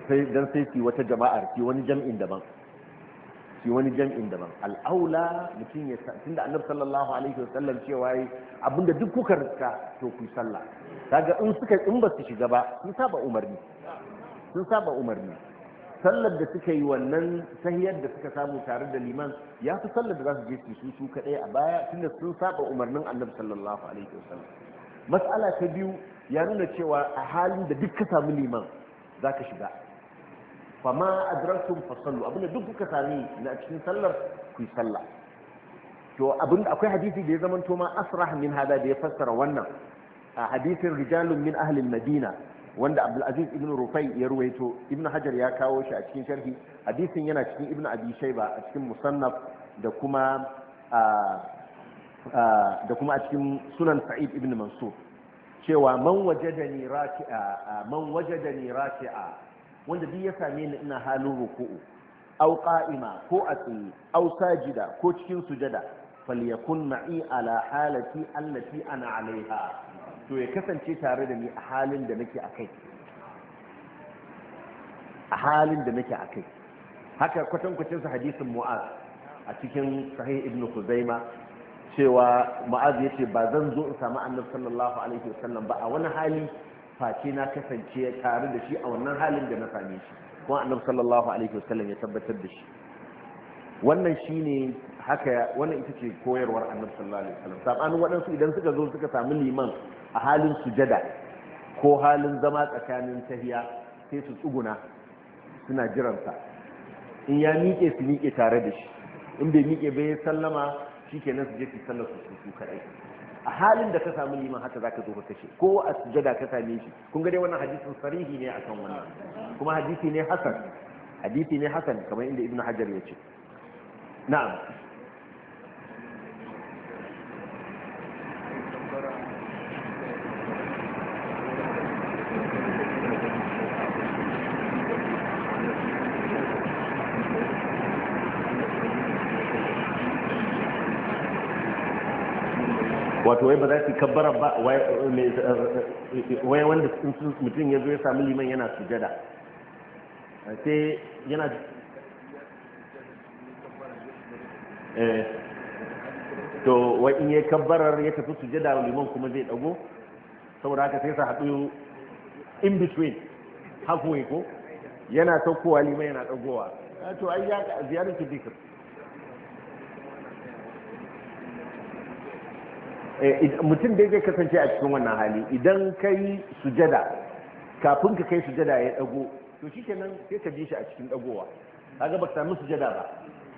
sai dan sai su wata jama'ar ki wani jam'in daban fi wani jam'in daban al'aula mutum ya tun da annabi sallallahu alaihi wasallam cewa yi abinda duk kuka riska to ku sallah kaga in suka in ba su shiga ba sun saba umarni sun saba umarni sallar da suka yi wannan sahiyar da suka samu tare da liman ya fi sallar da za su je su su kaɗai a baya tunda sun saba umarnin annabi sallallahu alaihi wasallam mas'ala ta biyu ya nuna cewa a halin da duk ka samu liman za ka shiga fa ma adraktum fasallu abinda duk kuka sami na cikin sallar ku sallah to abinda akwai hadisi da ya zama to ma asrah min hada da ya fassara wannan a hadisin rijalun min ahli madina wanda abdul aziz ibn rufai ya ruwaito ibn hajar ya kawo shi a cikin sharhi hadisin yana cikin ibn abi shayba a cikin musannaf da kuma da kuma a cikin sunan sa'id ibn mansur cewa man wajadani da man wajadani wanda duk ya same ni ina halin ruku'u aw qa'ima ko a tsaye aw sajida ko cikin sujada falyakun ma'i ala halati allati ana alaiha to ya kasance tare da ni a halin da nake akai a halin da nake akai haka kwatankwacin sa hadisin mu'az a cikin sahih ibnu kuzaima cewa mu'az yace ba zan zo in samu annabi sallallahu alaihi wasallam ba a wani hali face na kasance tare da shi a wannan halin da na same shi kuma annabi sallallahu alaihi wasallam ya tabbatar da shi wannan shine haka wannan ita ce koyarwar annabi sallallahu alaihi wasallam sabanin waɗansu idan suka zo suka samu liman a halin sujada ko halin zama tsakanin tahiya sai su tsuguna suna jiransa in ya miƙe su miƙe tare da shi in bai miƙe bai sallama shikenan su je su sallar su su kaɗai a halin da ka samu liman haka zaka zo ka kashe ko a sujada ka same shi kun ga dai wannan hadisin sarihi ne akan wannan kuma hadisi ne hasan hadisi ne hasan kamar inda ibnu hajar ya ce na'am wato wai ba za su kabbara ba wai wanda mutum ya zo ya sami liman yana sujada sai yana eh. to wai in ya kabbarar ya tafi sujada liman kuma zai dago saboda haka sai sa haɗu in between halfway ko yana saukowa liman yana dagowa eh, to ai ya ziyarar dikir Eh, mutum da zai kasance a cikin wannan hali idan ka yi sujada kafin ka kai sujada ya dago to shi kenan sai ka ji shi a cikin dagowa kaga ba ka sami sujada ba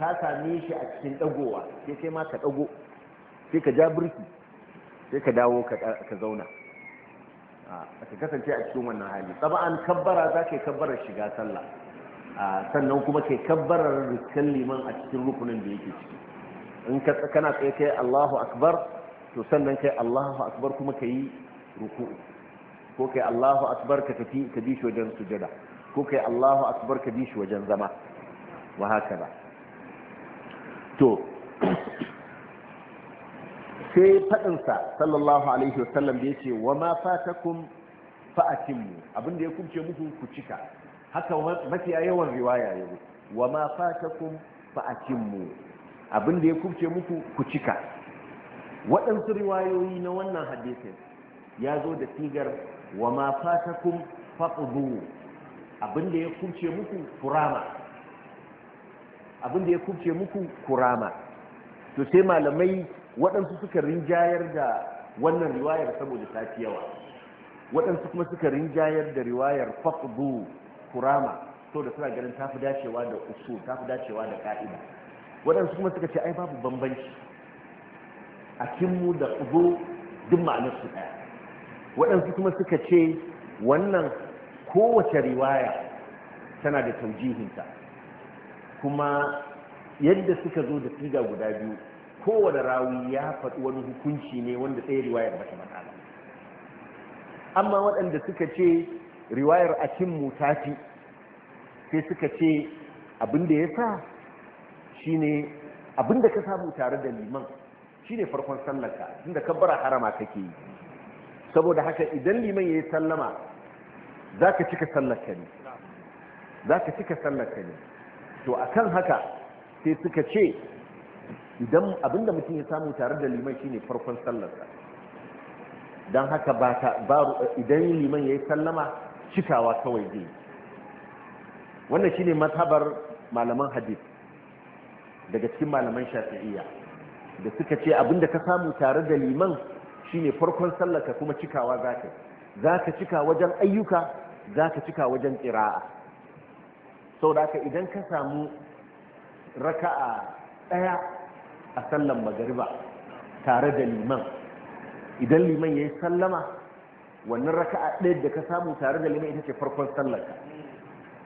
ka sami shi a cikin dagowa sai kai ma ka dago sai ka ja birki sai ka dawo ka zauna A ka kasance a cikin wannan hali an kabbara za ka yi kabbarar shiga sallah sannan kuma ka yi kabbarar rikin liman a cikin rukunin da yake ciki in kana tsaye kai allahu akbar to sannan kai Allahu akbar kuma kai ruku'u ko kai Allahu akbar ka tafi ka bi shi wajen sujada ko kai Allahu akbar ka bi shi wajen zama wa haka ba to sai faɗinsa sallallahu alaihi wa sallam da ya ce wa ma fatakum fa'atimmu abinda ya kumce muku ku cika haka mafiya yawan riwaya ya zo wa ma fatakum fa'atimmu abinda ya kumce muku ku cika waɗansu riwayoyi na wannan hadisin ya zo da sigar wa ma fatakum faqdu abinda ya kubce muku kurama abinda ya kubce muku kurama to sai malamai waɗansu suka rinjayar da wannan riwayar saboda ta fi yawa waɗansu kuma suka rinjayar da riwayar faqdu kurama to da suna ganin ta fi dacewa da usul ta fi dacewa da ka'ida waɗansu kuma suka ce ai babu bambanci a kinmu da ugo duk ma'anar ɗaya waɗansu kuma suka ce wannan kowace riwaya tana da taujihinta kuma yadda suka zo da siga guda biyu kowane rawi ya faɗi wani hukunci ne wanda ɗaya riwayar ba ta faɗa amma waɗanda suka ce riwayar a kinmu ta fi sai suka ce abin da ya sa shine abin da ka samu tare da liman Shi ne farkon sallarka tunda kabbara harama kake yi saboda haka idan liman ya yi sallama za ka cika sallarka ne ka cika sallarka ne to a kan haka sai suka ce idan abinda mutum ya samu tare da liman shi ne farkon sallarka don haka ba idan liman ya yi sallama cikawa kawai zai wannan shi ne matabar malaman hadith daga cikin malaman shafi'iyya da suka ce abinda ka samu tare da liman shine farkon sallarka kuma cikawa zaka zaka cika wajen ayyuka zaka cika wajen qira'a saboda haka idan ka samu raka'a ɗaya a sallar magariba tare da liman idan liman yayi sallama wannan raka'a ɗaya da ka samu tare da liman ita ce farkon sallarka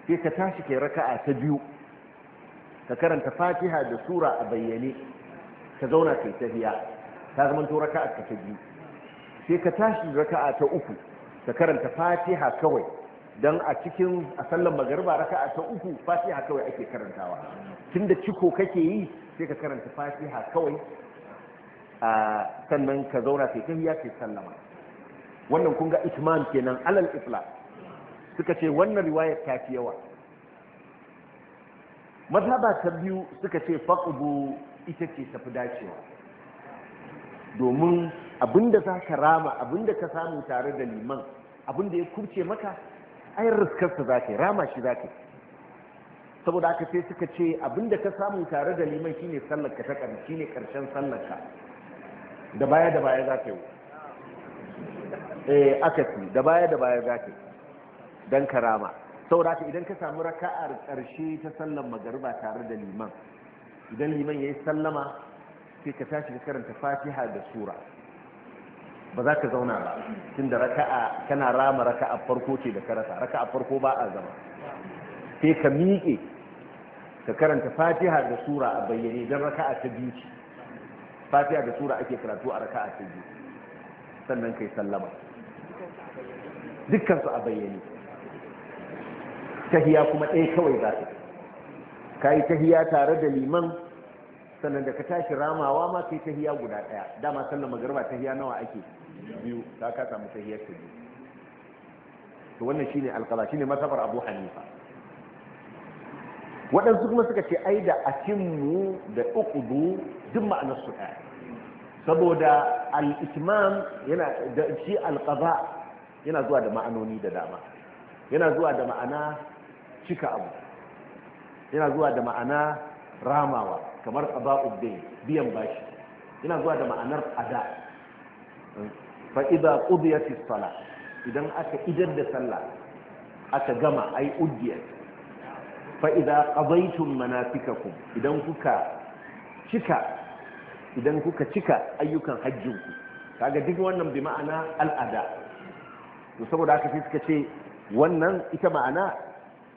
sai ka tashi ke raka'a ta biyu ka karanta fatiha da sura a bayyane ka zauna kai tahiya ta zama to raka'a ta biyu sai ka tashi raka'a ta uku ka karanta fatiha kawai dan a cikin a sallan magariba raka'a ta uku fatiha kawai ake karantawa tunda ciko kake yi sai ka karanta fatiha kawai a sannan ka zauna kai tahiya kai sallama wannan kun ga itmam kenan alal ifla suka ce wannan riwayar ta fi yawa mazhaba ta biyu suka ce faqdu ita ce tafi dacewa domin abinda za ka rama abinda ka samu tare da liman abinda ya kurce maka ai riskarsa za ka yi rama shi za ka yi saboda aka sai suka ce abinda ka samu tare da liman shine sallarka ta ƙarshe shine ƙarshen sallarka da baya da baya za ka yi eh ce da baya da baya za ka yi don karama saboda idan ka samu raka'ar ƙarshe ta sallar magariba tare da liman idan liman ya yi sallama sai ka tashi ka karanta fatiha da sura ba za ka zauna ba tun da raka'a kana rama raka'a farko ce da karasa raka'a farko ba a zama sai ka miƙe ka karanta fatiha da sura a bayyane don raka'a ta biyu ce fatiha da sura ake karatu a raka'a ta biyu sannan kai sallama dukkan su a bayyane tahiya kuma ɗaya kawai za ta ka yi tahiya tare da liman sannan da ka tashi ramawa ma yi tahiya guda ɗaya dama sallar magarba tahiya nawa ake biyu ta ka samu tahiyar ta biyu to wannan shine alqaza shine masabar Abu Hanifa waɗansu kuma suka ce ai da atimmu da uqdu duk ma'anar su ɗaya saboda al-itmam yana da shi alqaza yana zuwa da ma'anoni da dama yana zuwa da ma'ana cika abu yana zuwa da ma'ana ramawa kamar qada'uddin biyan bashi yana zuwa da ma'anar ada fa idza qudiyatis salah idan aka idar da sallah aka gama ai udiyat fa idza qadaytum manasikakum idan kuka cika idan kuka cika ayyukan hajjinku kaga duk wannan bi ma'ana al'ada to saboda aka sai suka ce wannan ita ma'ana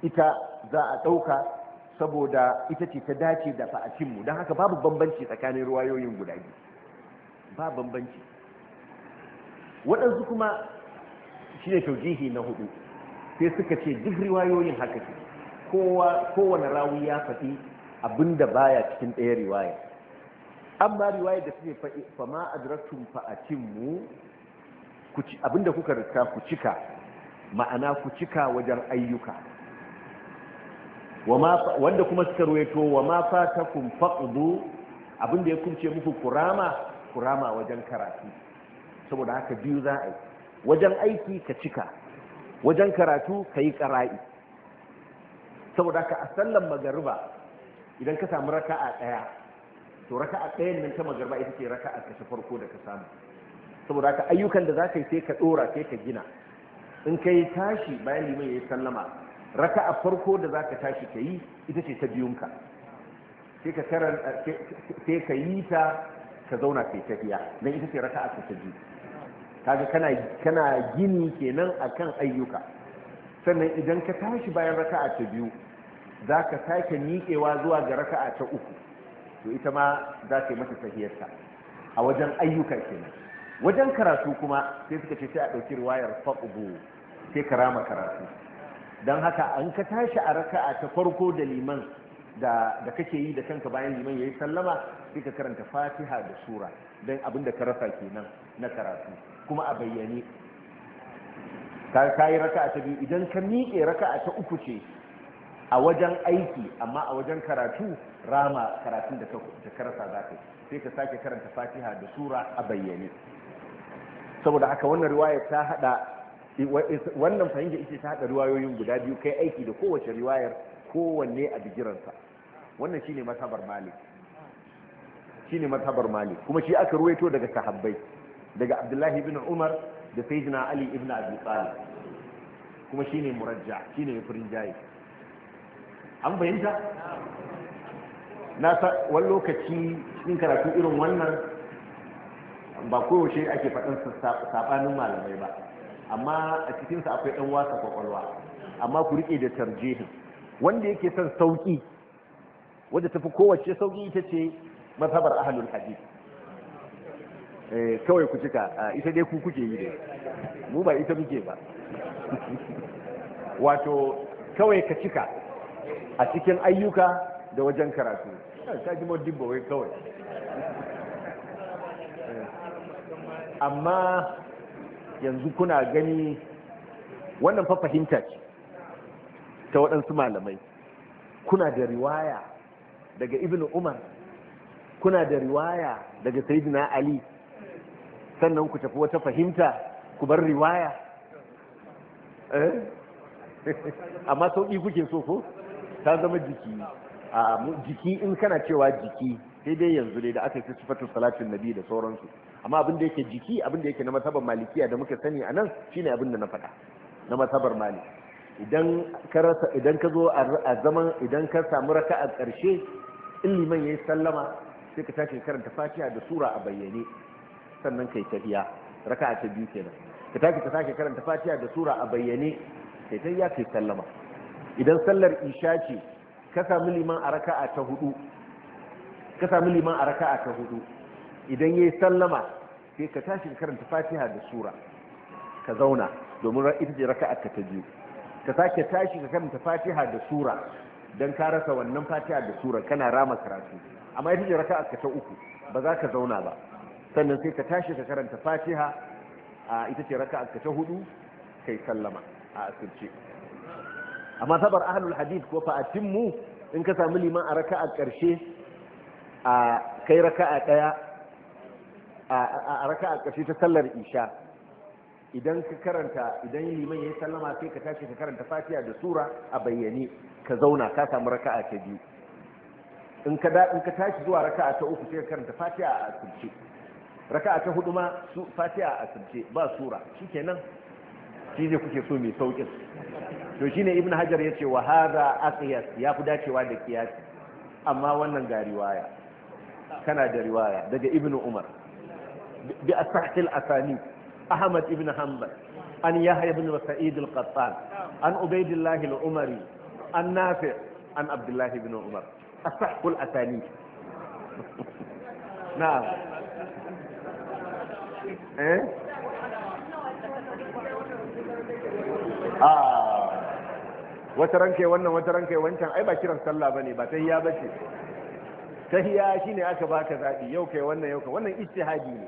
ita za a ɗauka saboda ita ce ta dace da fa'atinmu don haka babu bambanci tsakanin ruwayoyin guda biyu ba bambanci waɗansu kuma shi ne taujihi na hudu sai suka ce duk riwayoyin haka ce kowane rawi ya faɗi abin da baya cikin ɗaya riwaya amma riwaya da suke fama adiraktun fa'atinmu abin da kuka rika ku cika ma'ana ku cika wajen ayyuka wanda kuma suka ruwaito wa ma fatakum faqdu abinda ya kunce muku kurama kurama wajen karatu saboda haka biyu za a yi wajen aiki ka cika wajen karatu ka yi ƙara'i saboda haka a sallan magariba idan ka samu raka a ɗaya to raka'a a ɗayan nan ta magariba ita ce raka a farko da ka samu saboda haka ayyukan da za ka yi sai ka ɗora sai ka gina in ka yi tashi bayan liman ya yi sallama raka a farko da za ka tashi ka yi ita ce ta biyunka sai ka yi ta ka zauna kai tafiya don ita ce raka a ta biyu kaga kana kana gini kenan kan ayyuka sannan idan ka tashi bayan raka'a ta biyu za ka sake miƙewa zuwa ga raka'a ta uku to ita ma za ka yi mata tafiyarta a wajen ayyuka kenan wajen karatu kuma sai suka ce sai a ɗauki riwayar faɓubu sai karama karatu don haka an ka tashi a raka'a ta farko da liman da kake yi da kanka bayan liman ya yi sallama sai ka karanta fatiha da sura don abin da ka rasa kenan na karatu kuma a bayyane ka yi raka'a ta biyu idan ka miƙe raka'a ta uku ce a wajen aiki amma a wajen karatu rama karatun da ka rasa za ka sai ka sake karanta fatiha da sura a bayyane saboda haka wannan riwayar ta haɗa. wannan fahimta ita ta haɗa riwayoyin guda biyu kai aiki da kowace riwayar kowanne a bigiransa wannan shine matabar malik shine mazhabar malik kuma shi aka ruwaito daga sahabbai daga abdullahi ibn umar da sayyidina ali ibn abi talib kuma shine murajja shine yafurin jayi an fahimta na sa wani lokaci cikin karatu irin wannan ba kowace ake faɗin sabanin malamai ba amma a cikinsa akwai ɗan wasa kwakwalwa amma ku riƙe da tarjihin wanda yake son sauƙi wadda tafi kowace sauƙi ita ce mazhabar ahalul hadith eh, kawai ku cika ita dai ku kuke yi dai mu ba ita muke ba wato kawai ka cika a cikin ayyuka da wajen karatu ta ji modibba wai kawai eh. amma yanzu kuna gani wannan fa fahimta ce ta waɗansu malamai kuna da riwaya daga ibn umar kuna da riwaya daga sayyidina ali sannan ku tafi wata fahimta ku bar riwaya eh? amma sauƙi kuke so ko ta zama jiki a jiki in kana cewa jiki sai dai yanzu dai da aka yi sifatu salatin nabi da sauransu amma abin da yake jiki abin da yake na masabar malikiya da muka sani a nan shine abin da na faɗa na masabar mali idan ka rasa idan ka zo a zaman idan ka samu raka a ƙarshe iliman yi sallama sai ka tashi karanta fatiha da sura a bayyane sannan kai tafiya raka a ta biyu kenan ka tashi ka sake karanta fatiha da sura a bayyane yi tafiya kai sallama idan sallar isha ce ka sami liman a raka ta hudu ka liman a ta hudu idan ya yi sallama sai ka tashi karanta fatiha da sura ka zauna domin ita ce raka ka ta biyu ka sake tashi ka karanta fatiha da sura don ka rasa wannan fatiha da sura kana rama karatu amma ita ce raka ka ta uku ba za ka zauna ba sannan sai ka tashi ka karanta fatiha a ita ce raka ka ta hudu kai sallama a asirce amma sabar ahlul hadith ko fa atimmu in ka samu liman a raka'a karshe a kai raka'a daya a a ƙarshe ta sallar isha idan ka karanta idan liman ya sallama sai ka tashi ka karanta fatiha da sura a bayyane ka zauna ka samu raka'a ta biyu in ka da in ka tashi zuwa raka'a ta uku sai ka karanta fatiha a asirce raka'a ta hudu ma su fatiha a asirce ba sura shikenan shi ne kuke so mai sauƙin. to shine ibnu hajar ya ce wa hadha aqyas ya fi dacewa da kiyasi amma wannan ga riwaya kana da riwaya daga ibnu umar بأصح الأسانيد أحمد بن حنبل عن يحيى بن سعيد القطان عن عبيد الله العمري عن نافع عن عبد الله بن عمر أصح الأسانيد نعم ايه آه. wata ranke wannan wata ranke wancan ai ba kiran sallah bane ba tahiya bace tahiya shine aka baka zabi yau kai wannan yau kai wannan ijtihadi ne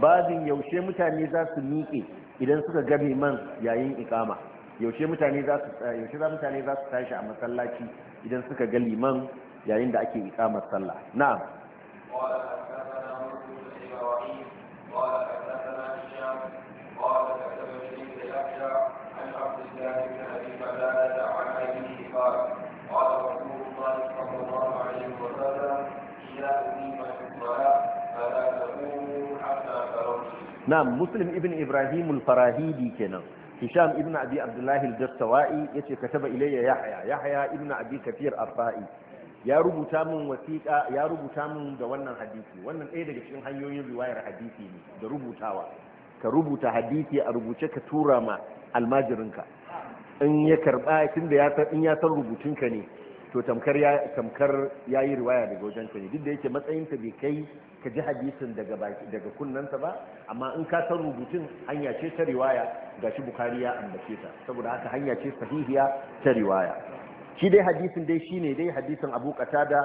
babin yaushe mutane za su miƙe idan suka gabe man yayin ikama yaushe mutane za su eh, yaushe za mutane za su tashi a masallaci idan suka ga liman yayin da ake ikamar sallah na'am na'am muslim ibn ibrahim al-farahidi kenan hisham ibn abi abdullah al-dastawa'i yace kataba ilayya yahaya. yahya ibn abi kafir ar ya rubuta min wasiqa ya rubuta min da wannan hadisi wannan ɗaya daga cikin hanyoyin riwayar hadisi ne da rubutawa ka rubuta hadisi a rubuce ka tura ma almajirinka in ya karba tunda ya san in ya san rubutunka ne to tamkar ya tamkar yayi riwaya daga wajen ta ne duk da yake matsayin ta bai kai ka ji hadisin daga daga ba amma in ka san rubutun hanya ce ta riwaya gashi bukhari ya ambace ta saboda haka hanya ce sahihiya ta riwaya shi dai hadisin dai shine dai hadisin Abu Qatada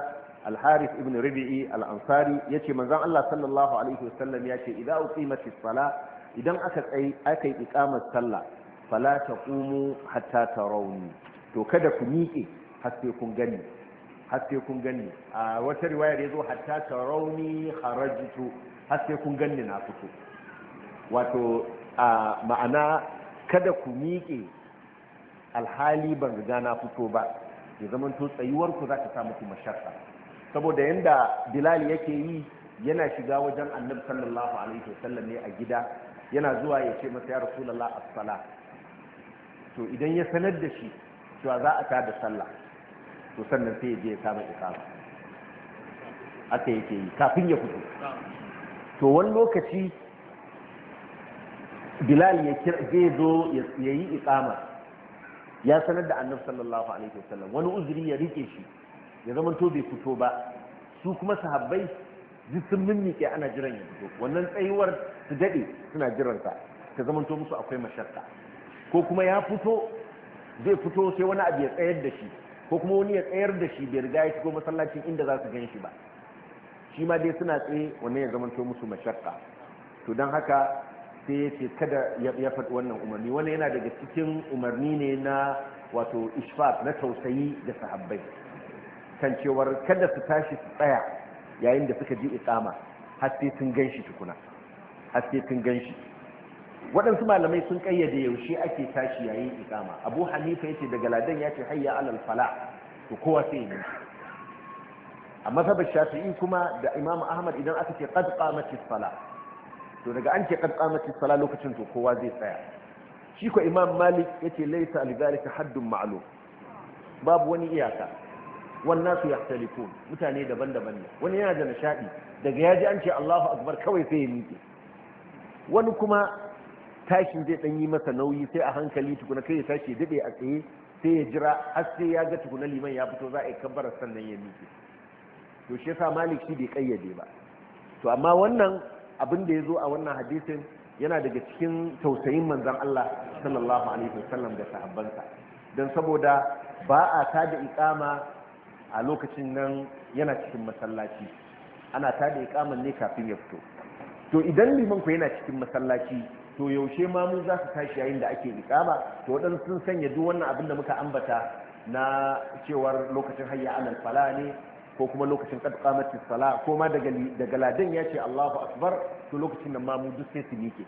Al-Harith ibn Rabi'i Al-Ansari yace manzon Allah sallallahu alaihi wasallam yace idza uqimatis sala idan aka tsayi aka yi iqamar sallah fala taqumu hatta tarawni to kada ku miƙe haske kun gani haske kun gani a wata riwayar ya zo hatta tarauni harajitu haske kun gani na fito wato a ma'ana kada ku miƙe alhali ban riga na fito ba ya zama to tsayuwarku za ta sa muku mashakka saboda yanda bilal yake yi yana shiga wajen annabi sallallahu alaihi wasallam ne a gida yana zuwa ya ce masa ya rasulullah as-sala to idan ya sanar da shi to za a ta da sallah to sannan sai ya je ya kama ikama haka yake yi kafin ya fito to wani lokaci bilal ya kira zo ya yi ikama ya sanar da annabi sallallahu alaihi wasallam wani uzuri ya rike shi ya zama to bai fito ba su kuma sahabbai duk sun mimmike ana jiran ya fito wannan tsayuwar su dade suna jiran ta ta zama to musu akwai mashakka ko kuma ya fito zai fito sai wani abu ya tsayar da shi ko kuma wani ya tsayar da shi bai riga ya shigo masallacin inda za su gan shi ba shi ma dai suna tsaye wannan ya zamanto musu mashakka to don haka sai ya ce kada ya faɗi wannan umarni wannan yana daga cikin umarni ne na wato ishfaq na tausayi da sahabbai kan cewar kada su tashi su tsaya yayin da suka ji iqama har sai sun gan shi tukuna har sai sun gan waɗansu malamai sun ƙayyade yaushe ake tashi yayin ikama abu hanifa yace daga ladan ya ce hayya alal fala to kowa sai ne a mazhabar shafi'i kuma da imamu ahmad idan aka ce qad qamatis sala to daga an ce qad qamatis sala lokacin to kowa zai tsaya shi ko imam malik yace laysa lidhalika haddun ma'lum babu wani iyaka wannan su yahtalifun mutane daban-daban ne wani yana da nishadi daga yaji an ce Allahu akbar kawai sai ya miƙe wani kuma tashi zai ɗanyi masa nauyi sai a hankali tukuna kai ya tashi daɗe a tsaye sai ya jira har sai ya ga tukuna liman ya fito za a yi kabbarar sannan ya miƙe to shi yasa malik shi bai kayyade ba to amma wannan abin da ya zo a wannan hadisin yana daga cikin tausayin manzon Allah sallallahu alaihi wasallam da sahabbansa dan saboda ba a da iqama a lokacin nan yana cikin masallaci ana da iqaman ne kafin ya fito to idan liman ku yana cikin masallaci to yaushe ma mun za su tashi yayin da ake ikama to waɗansu sun sanya duk wannan abin da muka ambata na cewar lokacin hayya alal fala ne ko kuma lokacin qad sala ko ma daga daga ladan ya ce Allahu akbar to lokacin nan ma mu duk sai su mike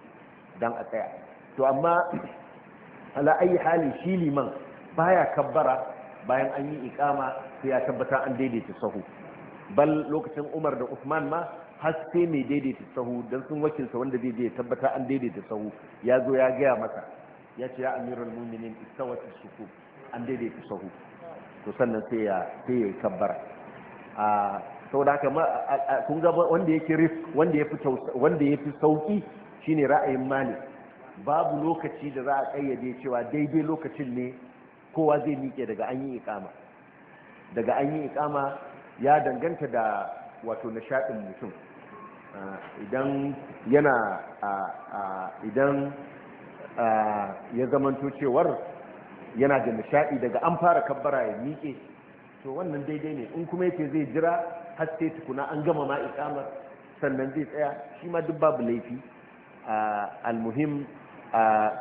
dan a tsaya to amma ala ayi hali shi liman baya kabbara bayan an yi ikama sai ya tabbata an daidaita sahu bal lokacin Umar da Uthman ma haske mai daidaita sahu don sun wakilta wanda zai je tabbata an daidaita sahu ya zo ya gaya masa ya ce ya amirul mu'minin ita wata sufuf an daidaita sahu to sannan sai ya sai ya kabbara a saboda haka kun ga wanda yake rif wanda ya fi wanda ya fi sauki shine ra'ayin mali babu lokaci da za a kayyade cewa daidai lokacin ne kowa zai miƙe daga an yi ikama daga an yi ikama ya danganta da wato nishaɗin mutum Ah, idan yana ah, ah, idan ya zamanto cewar yana da nishadi daga an fara kabbara ya miƙe to wannan daidai ne in kuma yake zai jira har tukuna an gama ma ikamar sannan zai tsaya shi ma duk babu laifi almuhim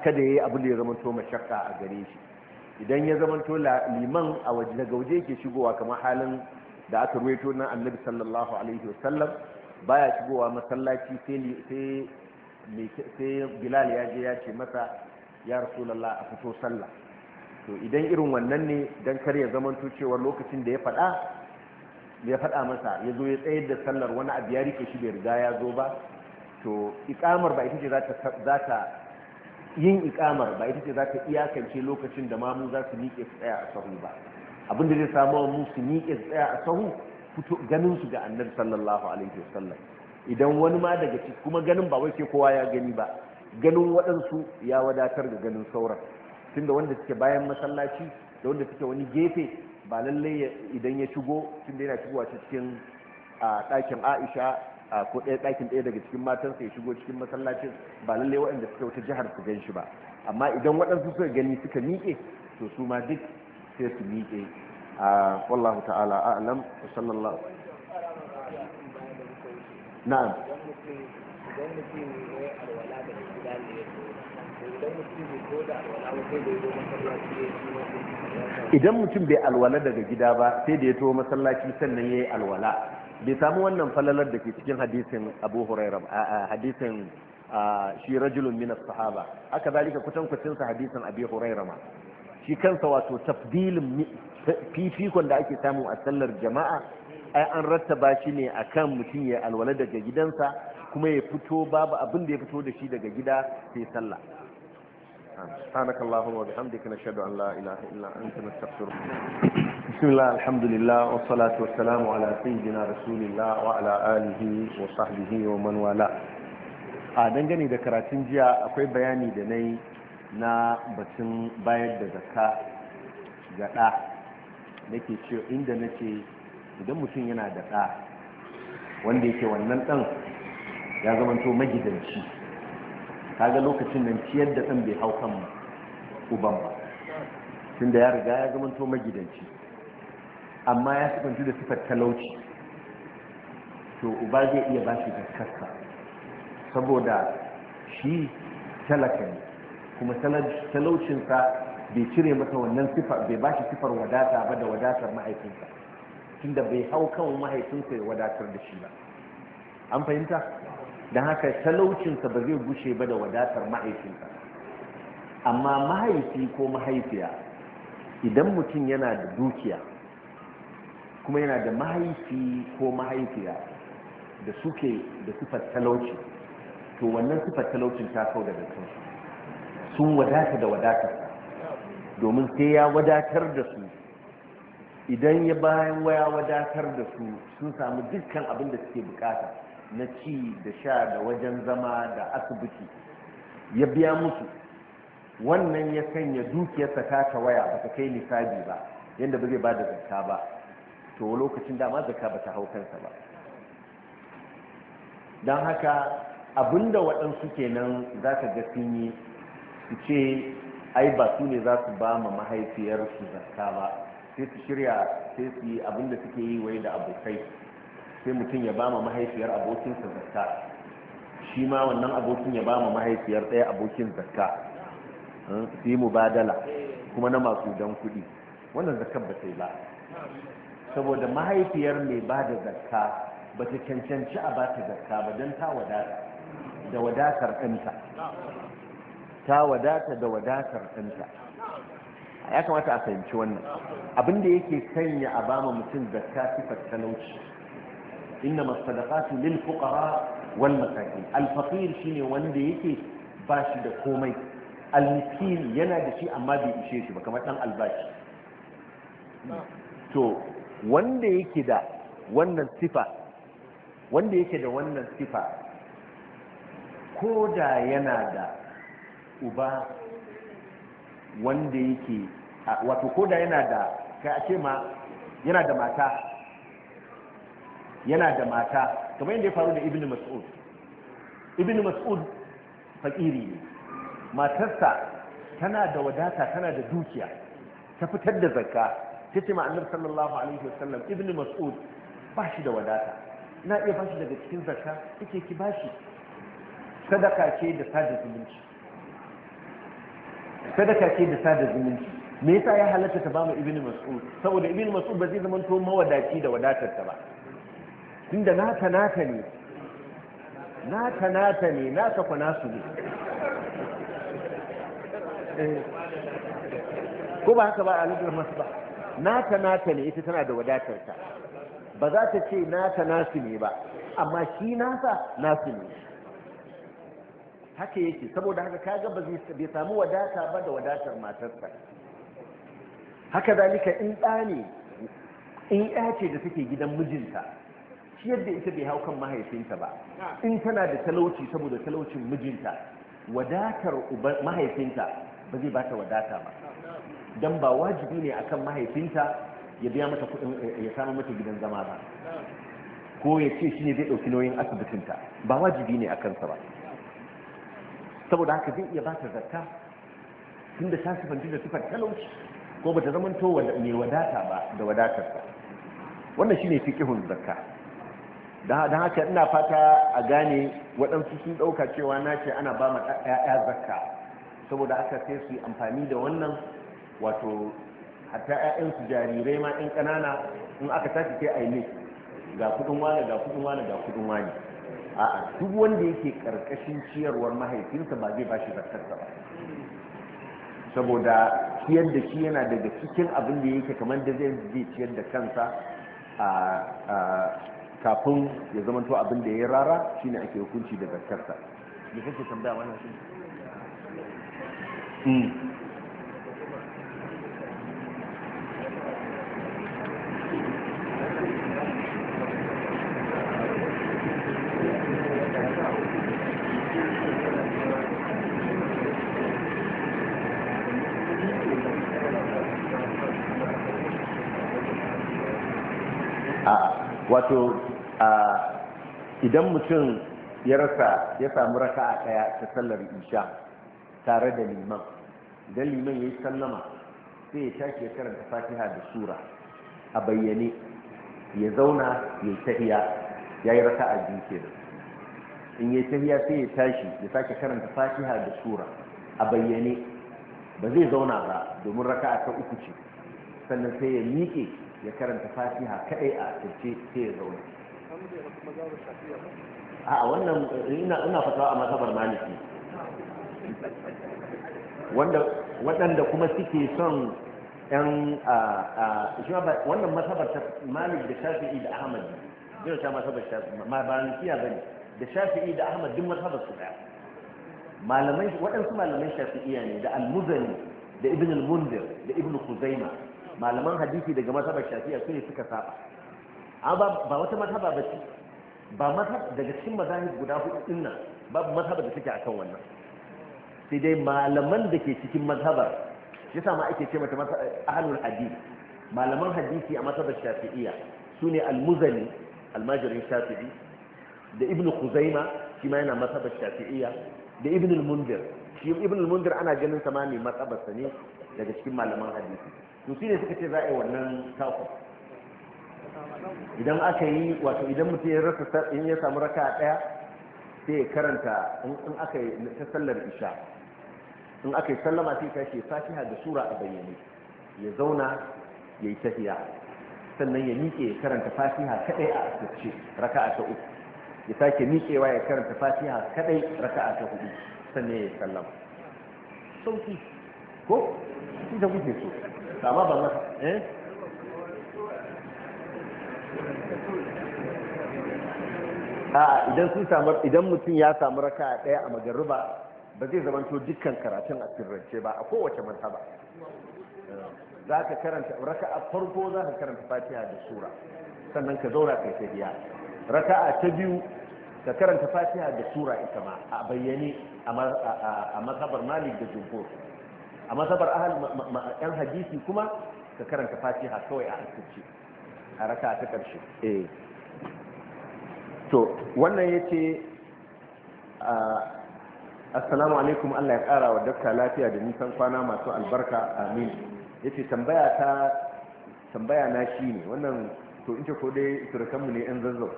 kada ya yi abu da ya zamanto mashakka a gare shi idan ya zamanto liman a waje daga waje yake shigowa kamar halin da aka ruwaito na annabi sallallahu alaihi wasallam baya shigowa masallaci sai bilal ya je ya ce masa ya rasu rasulallah a fito sallah to idan irin wannan ne don kar ya zamanto cewa lokacin da ya faɗa ya fada masa ya zo ya tsayar da sallar wani abu ya rike shi bai riga ya zo ba to ikamar ba ita ce za ta yin ikamar ba ita ce za ta iyakance lokacin da mamu za su miƙe tsaya a sahu ba abin da zai samu mu su miƙe su tsaya a sahu fito ganin su ga annabi sallallahu alaihi wasallam idan wani ma daga ciki kuma ganin ba wai ke kowa ya gani ba ganin waɗansu ya wadatar da ganin sauran tunda wanda suke bayan masallaci da wanda suke wani gefe ba lalle idan ya shigo tunda yana shigowa cikin ɗakin aisha ko ɗaya ɗakin ɗaya daga cikin matansa ya shigo cikin masallacin ba lalle waɗanda suke wata jihar su gan shi ba amma idan waɗansu suka gani suka miƙe to su ma duk sai su miƙe تعالى أعلم وصلى الله نعم idan mutum bai alwala daga gida ba sai da ya to masallaci sannan ya yi alwala bai samu wannan falalar da ke cikin hadisin abu huraira hadisin shi rajulun minas sahaba aka zalika kutan kutinsa hadisin abu hurairu ma shi kansa wato tafdilin fifikon da ake samu a sallar jama'a ai an rattaba shi ne akan mutum ya alwala daga gidansa kuma ya fito babu abin da ya fito da shi daga gida sai sallah سبحانك اللهم وبحمدك نشهد أن لا إله إلا أنت نستغفرك بسم الله الحمد لله والصلاة والسلام على سيدنا رسول الله وعلى آله وصحبه ومن والاه a dangane da karatun jiya akwai bayani da na yi na batun bayar da zakka ga nake cewa inda nace idan mutum yana da ɗa wanda yake wannan ɗan ya zamanto magidanci kaga lokacin nan ciyar da ɗan bai hau kan uban ba tunda ya riga ya zamanto magidanci amma ya sifanci da sifar talauci to uba zai iya ba shi gaskarsa saboda shi talaka ne kuma talaucinsa bai cire masa wannan sifar bai ba shi sifar wadata ba da wadatar mahaifinsa tunda bai hau kan mahaifinsa ya wadatar da shi ba an fahimta don haka talaucinsa ba zai gushe ba da wadatar mahaifinsa amma mahaifi ko mahaifiya idan mutum yana da dukiya kuma yana da mahaifi ko mahaifiya da suke da sifar talauci to wannan sifar talaucin ta kau daga kansu sun wadata da wadatar domin sai ya wadatar da su idan ya bayan waya wadatar da su sun samu dukkan abin da suke bukata na ci da sha da wajen zama da asibiti ya biya musu wannan ya sanya dukiyarsa ta waya ba ta kai nisabi ba yadda ba zai ba da zakka ba to lokacin dama zaka ba ta hau kansa ba don haka abinda waɗansu kenan za ka ga sun yi su ce ai ba su ne za su ba ma mahaifiyarsu zakka ba sai su shirya sai su yi abinda suke yi wai da abokai sai mutum ya ba ma mahaifiyar abokinsa zakka shi ma wannan abokin ya ba ma mahaifiyar ɗaya abokin zakka hmm, su yi mubadala kuma na masu don kuɗi wannan zakkar ba sai ba saboda mahaifiyar mai ba da zakka ba ta cancanci a ba ta zakka ba don ta wadatar da wadatar ɗanta ta wadata da wadatar ɗinta ya kamata a fahimci wannan abinda yake sanya a bama mutum zakka sifar talauci inna masadaqatu lil fuqara wal masakin al shine wanda yake ba shi da komai al yana da shi amma bai ishe shi ba kamar dan albashi to wanda yake da wannan sifa wanda yake da wannan sifa ko da yana da uba wanda yake wato koda yana da ka ce ma yana da mata yana da mata kamar yadda ya faru da ibn mas'ud ibn mas'ud fakiri ne matarsa tana da wadata tana da dukiya ta fitar da zakka ta ce ma annabi sallallahu alaihi wasallam ibn mas'ud ba shi da wadata ina iya bashi daga cikin zakka take ki shi sadaka ce da sada zumunci sadaka ce da sada zumunci me yasa ya halatta ta bamu ibnu mas'ud saboda ibnu mas'ud ba zai zama to mawadaci da wadatar ta ba tunda na naka ne na naka ne ka kuna su ne eh. ko ba haka ba a masu ba ne ita tana da wadatar ta ba za ta ce na nasu ne ba amma shi nasa nasu ne haka yake saboda haka kaga ba zai samu wadata ba da wadatar matarsa haka zalika in ɗa in ya ce da take gidan mijinta shi yadda ita bai hau kan mahaifinta ba in tana da talauci saboda talaucin mijinta wadatar mahaifinta ba zai bata wadata ba don ba wajibi ne akan mahaifinta ya biya mata kudin eh, ya samu mata gidan zama ba ko ya ce shi ne zai ɗauki nauyin asibitinta ba wajibi ne a kansa ba saboda haka zai iya ba ta zakka da ta sifanci da sifar talauci ko bata zama to mai wadata ba da wadatarsa wannan shi ne shine kihun zakka dan haka ina fata a gane waɗansu sun ɗauka cewa na ce ana ba ma ɗaya zakka saboda aka sai su yi amfani da wannan wato hatta 'ya'yansu jarirai ma 'yan ƙanana in aka tashi sai a yi ga kudin wani ga kudin wani ga kudin wani a'a duk wanda yake karkashin ciyarwar mahaifinsa ba zai bashi zakarsa ba saboda ciyar da shi yana daga cikin abin da yake kamar da zai zai ciyar da kansa a kafin ya zamanto abin da ya rara shi ne ake hukunci da zakarsa me kake tambaya wannan shi hmm. wato idan mutum ya rasa ya samu raka a ɗaya ta sallar isha tare da liman idan liman ya yi sallama sai ya tashi ya karanta fatiha da sura a bayyane ya zauna ya tahiya ya yi raka a biyu in ya tahiya sai ya tashi ya sake karanta fatiha da sura a bayyane ba zai zauna ba domin raka'a ta uku ce sannan sai ya miƙe ya karanta fatiha kadai a asirce sai ya zauna a wannan ina fatawa a masabar maliki waɗanda kuma suke son yan wannan masabar malik da shafi'i da ahmad zai ta masabar shafi'i ma ba nufiya ba ne da shafi'i da ahmad duk masabar su daya malamai waɗansu malamai shafi'iya ne da almuzani da ibn al-munzir da ibn kuzaima malaman hadisi daga mazhabar shafi'a su ne suka saba a ba wata mazhaba ba ce ba mazhab daga cikin mazahib guda hudu din nan babu mazhaba da take akan wannan sai dai malaman da ke cikin mazhabar yasa ma ake ce mata ahlul hadith malaman hadisi a mazhabar shafi'iyya sune al-muzani almajirin shafi'i da ibn khuzaima shi ma yana mazhabar shafi'iyya da ibn al shi ibn al ana ganin sa ma ne mazhabar sa ne daga cikin malaman hadisi to shi ne suka ce za a yi wannan taku idan aka yi wato idan mutum ya rasa in ya samu raka daya sai ya karanta in aka yi ta sallar isha in aka yi sallama sai ka ya fatiha da sura a bayyane ya zauna ya yi tafiya sannan ya miƙe ya karanta fatiha kadai a asirce a ta uku ya sake miƙewa ya karanta fatiha kadai a ta hudu sannan ya yi sallama sauki ko shi kuke so kama ba masa eh a idan sun samu idan mutum ya samu raka daya a magarruba ba zai to dukkan karatun a sirrance ba a kowace martaba za ka karanta raka a farko za ka karanta fatiha da sura sannan ka zaura kai ta biya raka a ta biyu ka karanta fatiha da sura ita ma a bayyane a mazhabar malik da jumhur a masabar ahal yan hadisi kuma ka karanta fatiha kawai a asirci a raka ta karshe eh. to wannan a assalamu alaikum Allah ya kara wa dafka lafiya da nisan kwana masu albarka amin ce tambaya ta tambaya na shi ne. wannan to in ce ko dai surukanmu ne yan zazzau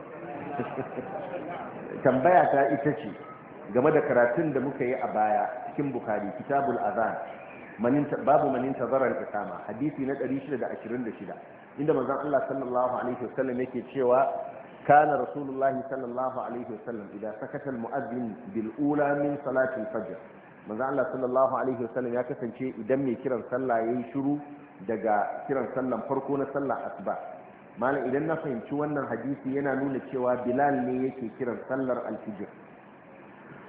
tambaya ta ita ce game da karatun da muka yi a baya cikin bukari kitabul azan babu maninta zarar isama hadisi na 626 inda manzon Allah sallallahu alaihi wasallam yake cewa kana rasulullahi sallallahu alaihi wasallam idan sakata almu'adhdhin bil ula min salati al-fajr manzon Allah sallallahu alaihi wasallam ya kasance idan mai kiran sallah ya yi shiru daga kiran sallan farko na sallah asuba malam idan na fahimci wannan hadisi yana nuna cewa bilal ne yake kiran sallar alfijir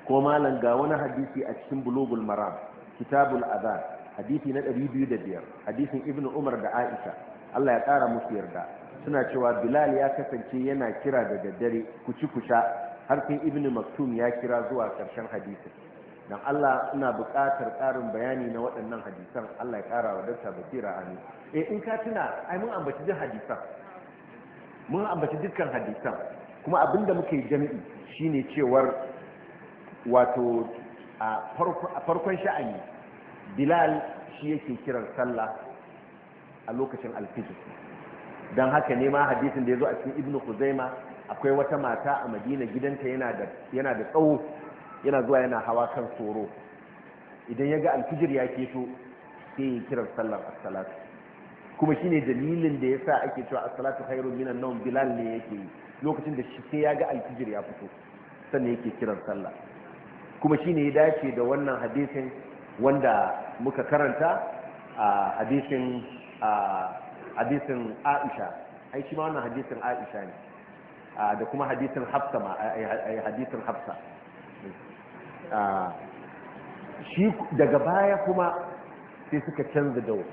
ko malam ga wani hadisi a cikin bulugul maram kitabul azan hadisi na 205 hadisin ibnu umar da aisha Allah ya tsara musu yarda suna cewa bilal ya kasance yana kira da daddare kuci kusha har sai ibnu maktum ya kira zuwa karshen hadisin dan Allah ina buƙatar ƙarin bayani na waɗannan hadisan Allah ya ƙara wa dakta basira amin eh in ka tuna ai mun ambaci duk hadisan mun ambaci dukkan hadisan kuma abinda muke jam'i jami'i shine cewar wato a farkon sha'ani bilal shi yake kiran sallah a lokacin alfijir don haka ne ma hadisin da ya zo a cikin Ibn kuzaima akwai wata mata a madina gidanta yana da tsawo yana zuwa yana hawa kan tsoro idan ya ga alfijir ya keto sai ya kiran sallar assalatu kuma shine dalilin da yasa ake cewa assalatu khairun minan nawm bilal ne yake yi lokacin da shi sai ya ga alfijir ya fito sannan yake kiran sallah kuma shine ya dace da wannan hadisin wanda muka karanta a hadisin hadisin Aisha ai shi ma wannan hadisin Aisha ne da kuma hadisin Hafsa ma ai hadisin Hafsa shi daga baya kuma sai suka canza dawo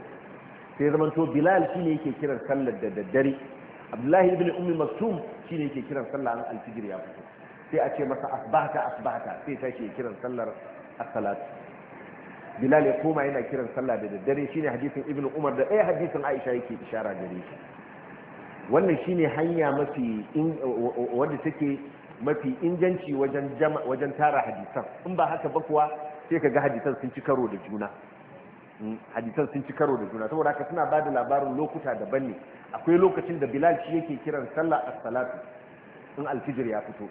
sai to Bilal shine yake kiran sallar da daddare Abdullahi ibn Ummi Maktum shine yake kiran sallar an alfijir ya fito sai a ce masa asbahta asbahta sai tashi kiran sallar as-salat bilal ya koma yana kiran sallah da daddare shine hadisin ibn umar da ɗaya hadisin aisha yake ishara gare shi wannan shine hanya mafi wadda take mafi inganci wajen wajen tara hadisan in ba haka ba kuwa sai ka ga hadisan sun ci karo da juna hmm, hadisan sun ci karo da juna saboda haka suna bada labarin lokuta daban ne akwai lokacin da bilal shi yake kiran sallah as-salatu in alfijir ya fito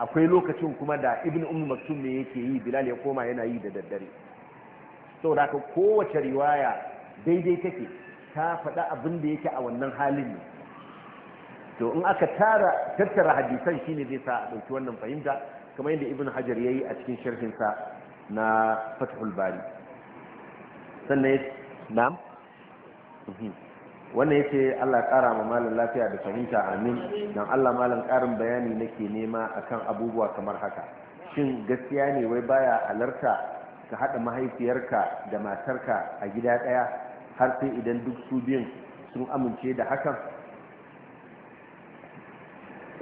akwai lokacin kuma da ibn ummu maktum ne yake yi bilal ya koma yana yi da daddare saboda ka kowace riwaya daidai take ta faɗa abin da yake a wannan halin ne to in aka tara tattara hadisan shine zai sa a ɗauki wannan fahimta kamar yadda ibn hajar ya yi a cikin sharhinsa na fathul bari sannan nam. Mhm. wannan ya ce allah ƙara ma malam lafiya da fahimta amin don allah malam ƙarin bayani nake nema akan abubuwa kamar haka shin gaskiya ne wai baya halarta ka haɗa mahaifiyarka da matarka a gida ɗaya har sai idan duk su biyun sun amince da hakan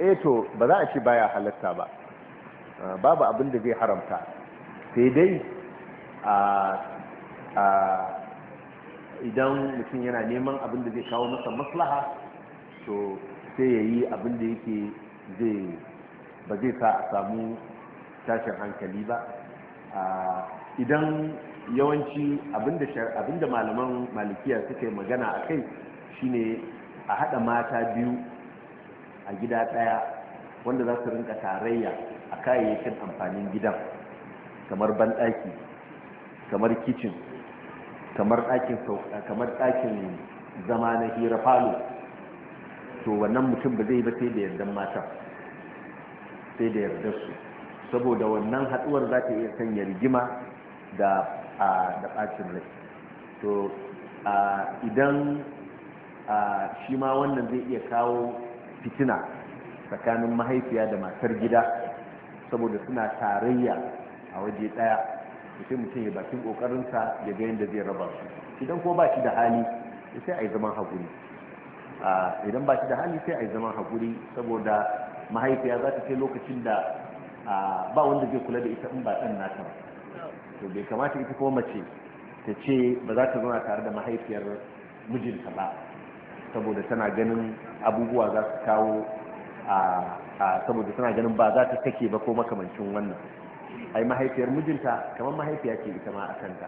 eh to ba za a ce baya halatta ba ah, babu abin da zai haramta sai dai a idan mutum yana neman abin da zai kawo masa maslaha to sai ya yi abin da yake zai ba zai sa a samu tashin hankali ba ah, idan yawanci abinda malaman malikiya suka yi magana a kai shine a haɗa mata biyu a gida ɗaya wanda za su rinka tarayya a kayayyakin amfanin gidan kamar banɗaki kamar kicin kamar ɗakin zama na hira falo to wannan mutum ba zai ba sai da yardan matan sai da yardar su saboda wannan haɗuwar za ta iya sanya rigima da da ɓacin rai to idan shi ma wannan zai iya kawo fitina tsakanin mahaifiya da matar gida saboda suna tarayya a waje ɗaya sai mutum ya bakin ƙoƙarinsa ya ga yadda zai raba su idan ko ba shi da hali sai a yi zaman haƙuri idan ba shi da hali sai a yi zaman haƙuri saboda mahaifiya za ta kai lokacin da ba wanda zai kula da ita in ba ɗan nata ba to bai kamata ita kuma mace ta ce ba za ta zauna tare da mahaifiyar mijinta ba saboda tana ganin abubuwa za su kawo a saboda tana ganin ba za ta take ba ko makamancin wannan ai mahaifiyar mijinta kamar mahaifiya ce ita ma a kanta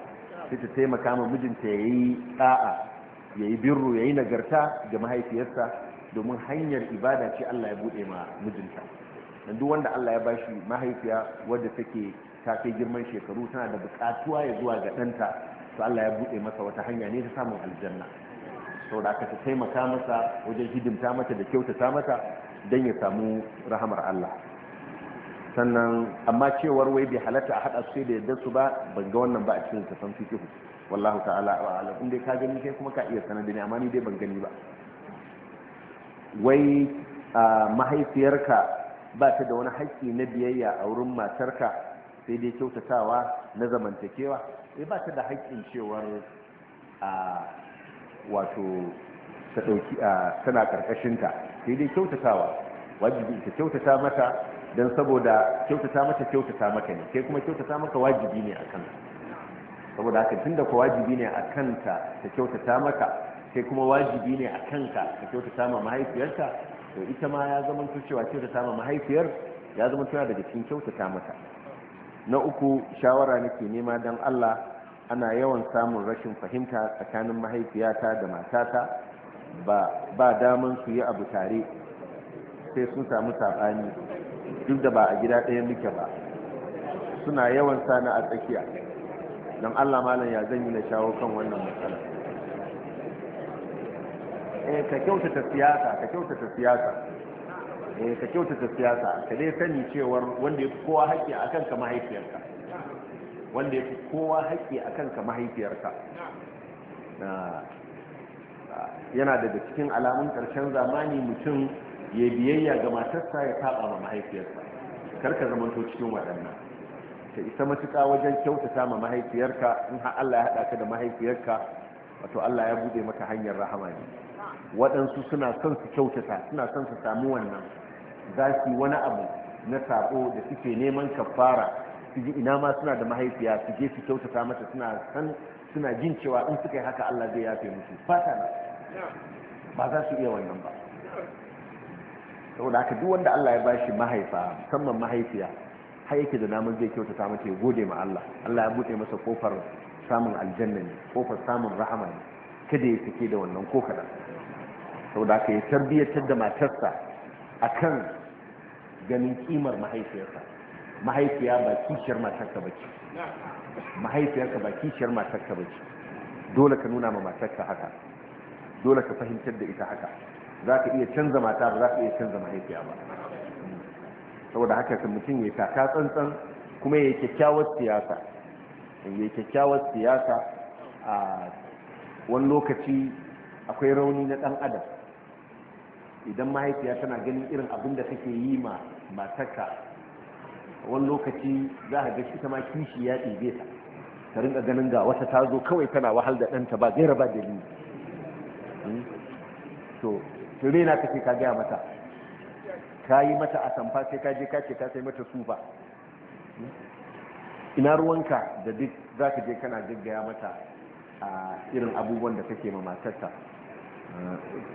sai ta taimaka ma mijinta ya yi ɗa'a ya yi birru ya yi nagarta ga mahaifiyarsa domin hanyar ibada ce Allah ya buɗe ma mijinta duk wanda Allah ya bashi mahaifiya wadda take ta kai girman shekaru tana da bukatuwa ya zuwa ga ɗanta to Allah ya buɗe masa wata hanya ne ta samun aljanna saboda aka ta taimaka masa wajen hidimta mata da kyautata mata don ya samu rahamar Allah sannan amma cewar wai bai halatta a haɗa su sai da yadda su ba ban ga wannan ba a cikin tafan fikihu wallahi ta'ala wa alam ka gani kai kuma ka iya sanar da ni amma ni dai ban gani ba wai ah, mahaifiyarka ba ta da wani haƙƙi na biyayya a wurin matarka sai dai kyautatawa na zamantakewa ya eh, ba ta da haƙƙin cewar a wato ta ɗauki a tana ƙarƙashinta sai dai kyautatawa wajibi ta kyautata mata don saboda kyautata mata kyautata maka ne kai kuma kyautata maka wajibi ne a kanta saboda haka tun da kuwa wajibi ne a kanta ta kyautata maka kai kuma wajibi ne a kanka ta kyautata ma mahaifiyarta to ita ma ya zama cewa kyautata ma mahaifiyar ya zama tana daga cikin kyautata mata na uku shawara nake nema don allah ana yawan samun rashin fahimta tsakanin mahaifiyata da matata ba daman su yi abu tare sai sun samu saɓani duk da ba a gida ɗaya muke ba suna yawan sani a tsakiya don allah malam ya zan yi na shawo kan wannan matsala eh, ka kyautata siyasa ka kyautata siyasa ne eh, ka kyautata siyasa ka dai sani cewar wanda ya fi kowa haƙƙi a kanka mahaifiyarka wanda ya fi kowa haƙƙi a kanka mahaifiyarka ah, yana daga cikin alamun ƙarshen zamani mutum ya biyayya ga matarsa ya saba ma mahaifiyarsa zama zamanto cikin waɗannan ka isa matuƙa wajen kyautata ma mahaifiyarka in har Allah ya haɗa ka da mahaifiyarka wato Allah ya buɗe maka hanyar rahama ne waɗansu suna son su kyautata suna son su samu wannan za su wani abu na sako da suke neman kafara su ji ina ma suna da mahaifiya su je su kyautata mata suna san suna jin cewa in suka yi haka Allah zai yafe musu fata na ba za su iya wannan ba saboda haka duk wanda Allah ya bashi mahaifa musamman mahaifiya har yake da namun zai kyautata mata ya gode ma Allah Allah ya buɗe masa kofar samun aljanna ne kofar samun rahama ne kada ya sake da wannan ko kaɗan saboda haka ya tarbiyyar da matarsa a kan ganin kimar mahaifiyarsa mahaifiya ba kishiyar matarka ba ce mahaifiyarka ba kishiyar matarka ba ce dole ka nuna ma matarka haka dole ka fahimtar da ita haka za ka iya canza mata ba za ka iya canza mahaifiya ba saboda haka kan mutum ya taka tsantsan kuma ya yi kyakkyawar siyasa ya yi kyakkyawar siyasa a wani lokaci akwai rauni na dan adam idan mahaifiya tana ganin irin abin da kake yi ma matarka wani lokaci za a ga shi ta ma kishi ya ɗebe ta ta rinka ganin ga wata ta zo kawai tana wahal da ɗanta ba gaira ba dalili hmm? to tuni na kake ka gaya mata ka yi mata a samfa sai ka je ka ce sai mata sufa hmm? ina ruwanka da duk za ka je kana gaggaya mata a irin abubuwan da kake ma matarka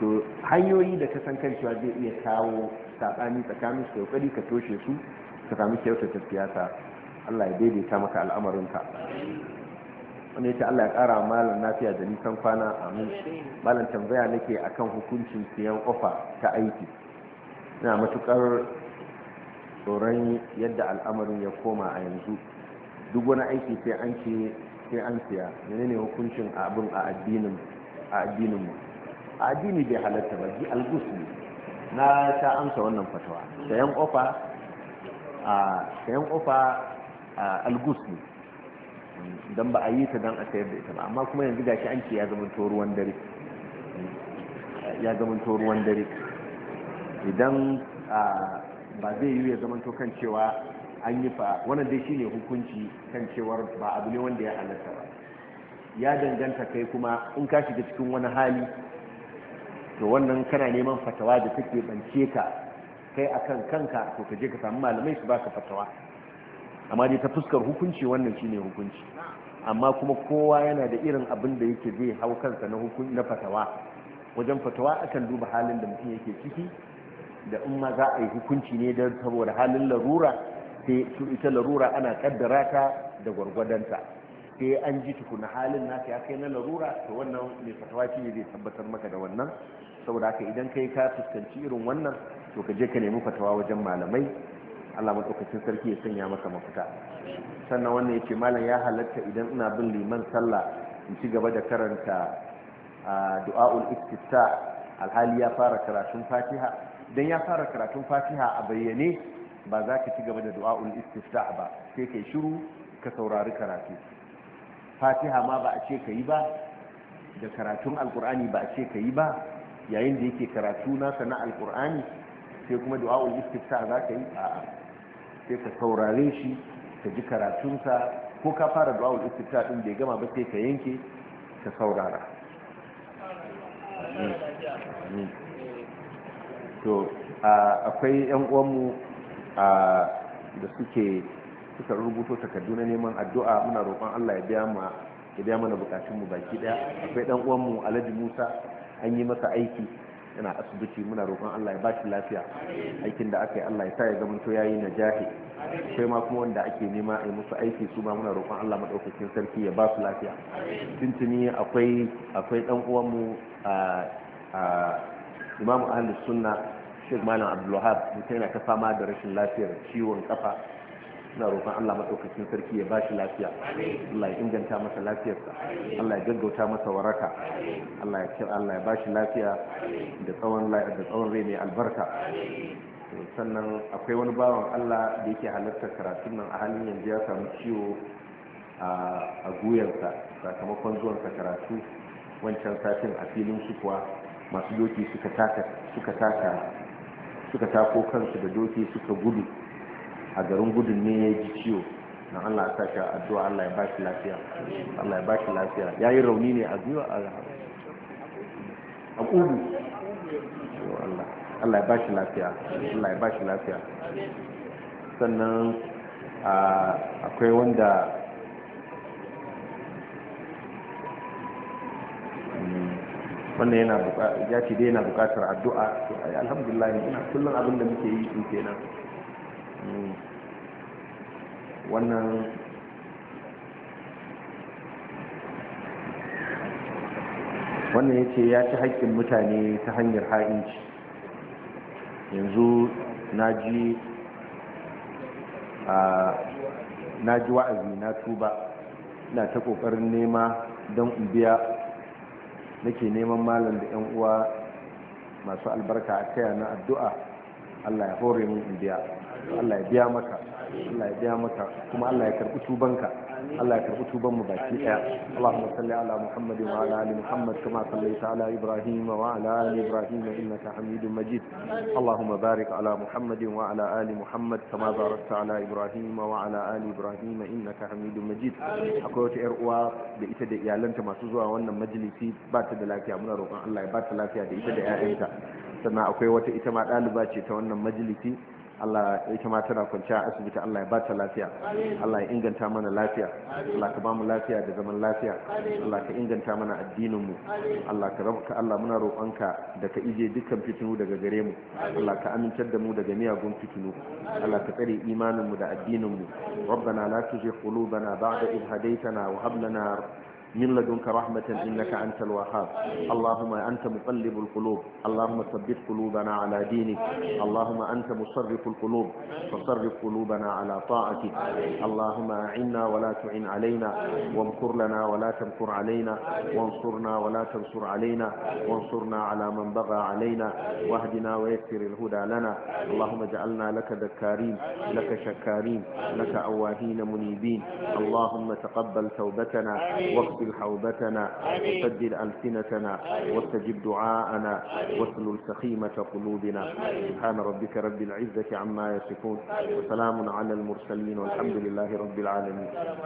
to hanyoyi da ta san kancewa zai iya kawo saɓani tsakanin su kokari ka toshe su ka sami kyautata siyasa Allah ya daidaita maka al'amarinka wanda yake Allah ya ƙara malam lafiya da nisan kwana a mu malam tambaya nake akan hukuncin siyan ƙofa ta aiki ina matukar tsoron yadda al'amarin ya koma a yanzu duk wani aiki sai an ce sai an hukuncin abin a addinin a addinin mu addini bai halatta ba ji algus na ta amsa wannan fatawa sayan ofa a sayan ofa algus ne don ba a yi ta don a sayar da ita ba amma kuma yanzu gashi an ce ya zama ruwan dare ya zama ruwan dare idan ba zai yi ya zama kan cewa an yi fa wannan dai shine hukunci kan cewar ba abu ne wanda ya halatta ba ya danganta kai kuma in ka shiga cikin wani hali to wannan kana neman fatawa da take bance ka kai akan kanka to ka je ka samu malamai su baka fatawa amma dai ta fuskar hukunci wannan shine hukunci amma kuma kowa yana da irin abin da yake zai hau kansa na hukunci na fatawa wajen fatawa akan duba halin da mutum yake ciki da in ma za a yi hukunci ne don saboda halin larura sai su ita larura ana kaddara ta da gwargwadonta sai an ji tukuna halin naka ya kai na larura to wannan mai fatawa shi ne zai tabbatar maka da wannan saboda haka idan kai ka fuskanci irin wannan to ka je ka nemi fatawa wajen malamai Allah madaukakin sarki ya sanya maka mafita sannan wannan yace malam ya halatta idan ina bin liman sallah in ci gaba da karanta du'a'ul istifta alhali ya fara karatun fatiha idan ya fara karatun fatiha a bayyane ba za ka ci gaba da du'a'ul istifta ba sai kai shiru ka saurari karatu fatiha ma ba a ce ka yi ba da karatun alkur'ani ba a ce ka yi ba yayin da yake karatu nasa na alkur'ani sai kuma du'a'ul istifta za ka yi a'a sai ka saurare shi ka ji karatunsa ko ka fara du'a'ul istifta din bai gama ba sai ka yanke ka saurara to akwai yan uwanmu da suke suka rubuto takardu na neman addu'a muna roƙon Allah ya biya mu ya biya mana bukatun mu baki daya akwai dan uwan mu Alhaji Musa an yi masa aiki yana asibiti muna roƙon Allah ya bashi lafiya aikin da aka yi Allah ya sa ya to yayi najahi akwai ma kuma wanda ake nema a yi musu aiki su ma muna roƙon Allah madaukakin sarki ya ba su lafiya tuntuni akwai akwai dan uwan mu Imam Ahlus Sunna Sheikh Malam Abdul Wahab mutum yana ta fama da rashin lafiyar ciwon kafa suna roƙon Allah maɗaukakin sarki ya ba shi lafiya Allah ya inganta masa lafiyarsa Allah ya gaggauta masa waraka Allah ya Allah ya ba shi lafiya da tsawon da tsawon rai mai albarka sannan akwai wani bawan Allah da yake halartar karatun nan a halin yanzu ya samu ciwo a guyarsa sakamakon zuwansa karatu wancan satin a filin sukuwa masu doki suka taka suka taka suka tako kansu da doki suka gudu a garin gudun ne ya ji ciwo na Allah ta shi addu'a Allah ya ba shi lafiya Allah ya ba shi lafiya yi rauni ne a biyu a a Allah ya ba shi lafiya Allah ya ba shi lafiya sannan akwai wanda wannan yana ya ce dai yana bukatar addu'a alhamdulillah ina kullum abin da muke yi kenan wannan wannan ya ce ya ci haƙƙin mutane ta hanyar ha'inci yanzu na ji wa'azi na tuba ina ta ƙoƙarin nema don in biya nake neman malam da 'yan uwa masu albarka a taya na addu'a allah ya hore mun in biya Allah ya biya maka Allah ya biya maka kuma Allah ya karbi tubanka Allah ya karbi tuban mu baki daya Allahumma salli ala Muhammad wa ala ali Muhammad kama sallaita ala Ibrahim wa ala ali Ibrahim innaka Hamidum Majid Allahumma barik ala Muhammad wa ala ali Muhammad kama barakta ala Ibrahim wa ala ali Ibrahim innaka Hamidum Majid akwai wata yar uwa da ita da iyalanta masu zuwa wannan majalisi ba ta da lafiya muna roƙon Allah ya ba ta lafiya da ita da 'ya'yanta sannan akwai wata ita ma ɗaliba ce ta wannan majalisi Allah ita ma tana kwanciya a asibiti Allah ya bata lafiya Allah ya inganta mana lafiya Allah ka bamu lafiya da zaman lafiya Allah ka inganta mana addinin mu Allah ka rabka Allah muna roƙonka da ka ije dukkan fitinu daga gare mu Allah ka amintar da mu daga miyagun fitinu Allah ka tsare imanin mu da addinin mu la tuzigh qulubana ba'da بعد hadaytana wa hab lana من لدنك رحمة إنك أنت الوهاب اللهم أنت مقلب القلوب اللهم ثبت قلوبنا على دينك اللهم أنت مصرف القلوب فصرف قلوبنا على طاعتك اللهم أعنا ولا تعن علينا وامكر لنا ولا تمكر علينا وانصرنا ولا تنصر علينا وانصرنا على من بغى علينا واهدنا ويسر الهدى لنا اللهم اجعلنا لك ذكارين لك شكارين لك أواهين منيبين اللهم تقبل توبتنا واغفر واغسل حوبتنا وسجل ألسنتنا واستجب دعاءنا واسلل سخيمة قلوبنا سبحان ربك رب العزة عما يصفون وسلام على المرسلين والحمد لله رب العالمين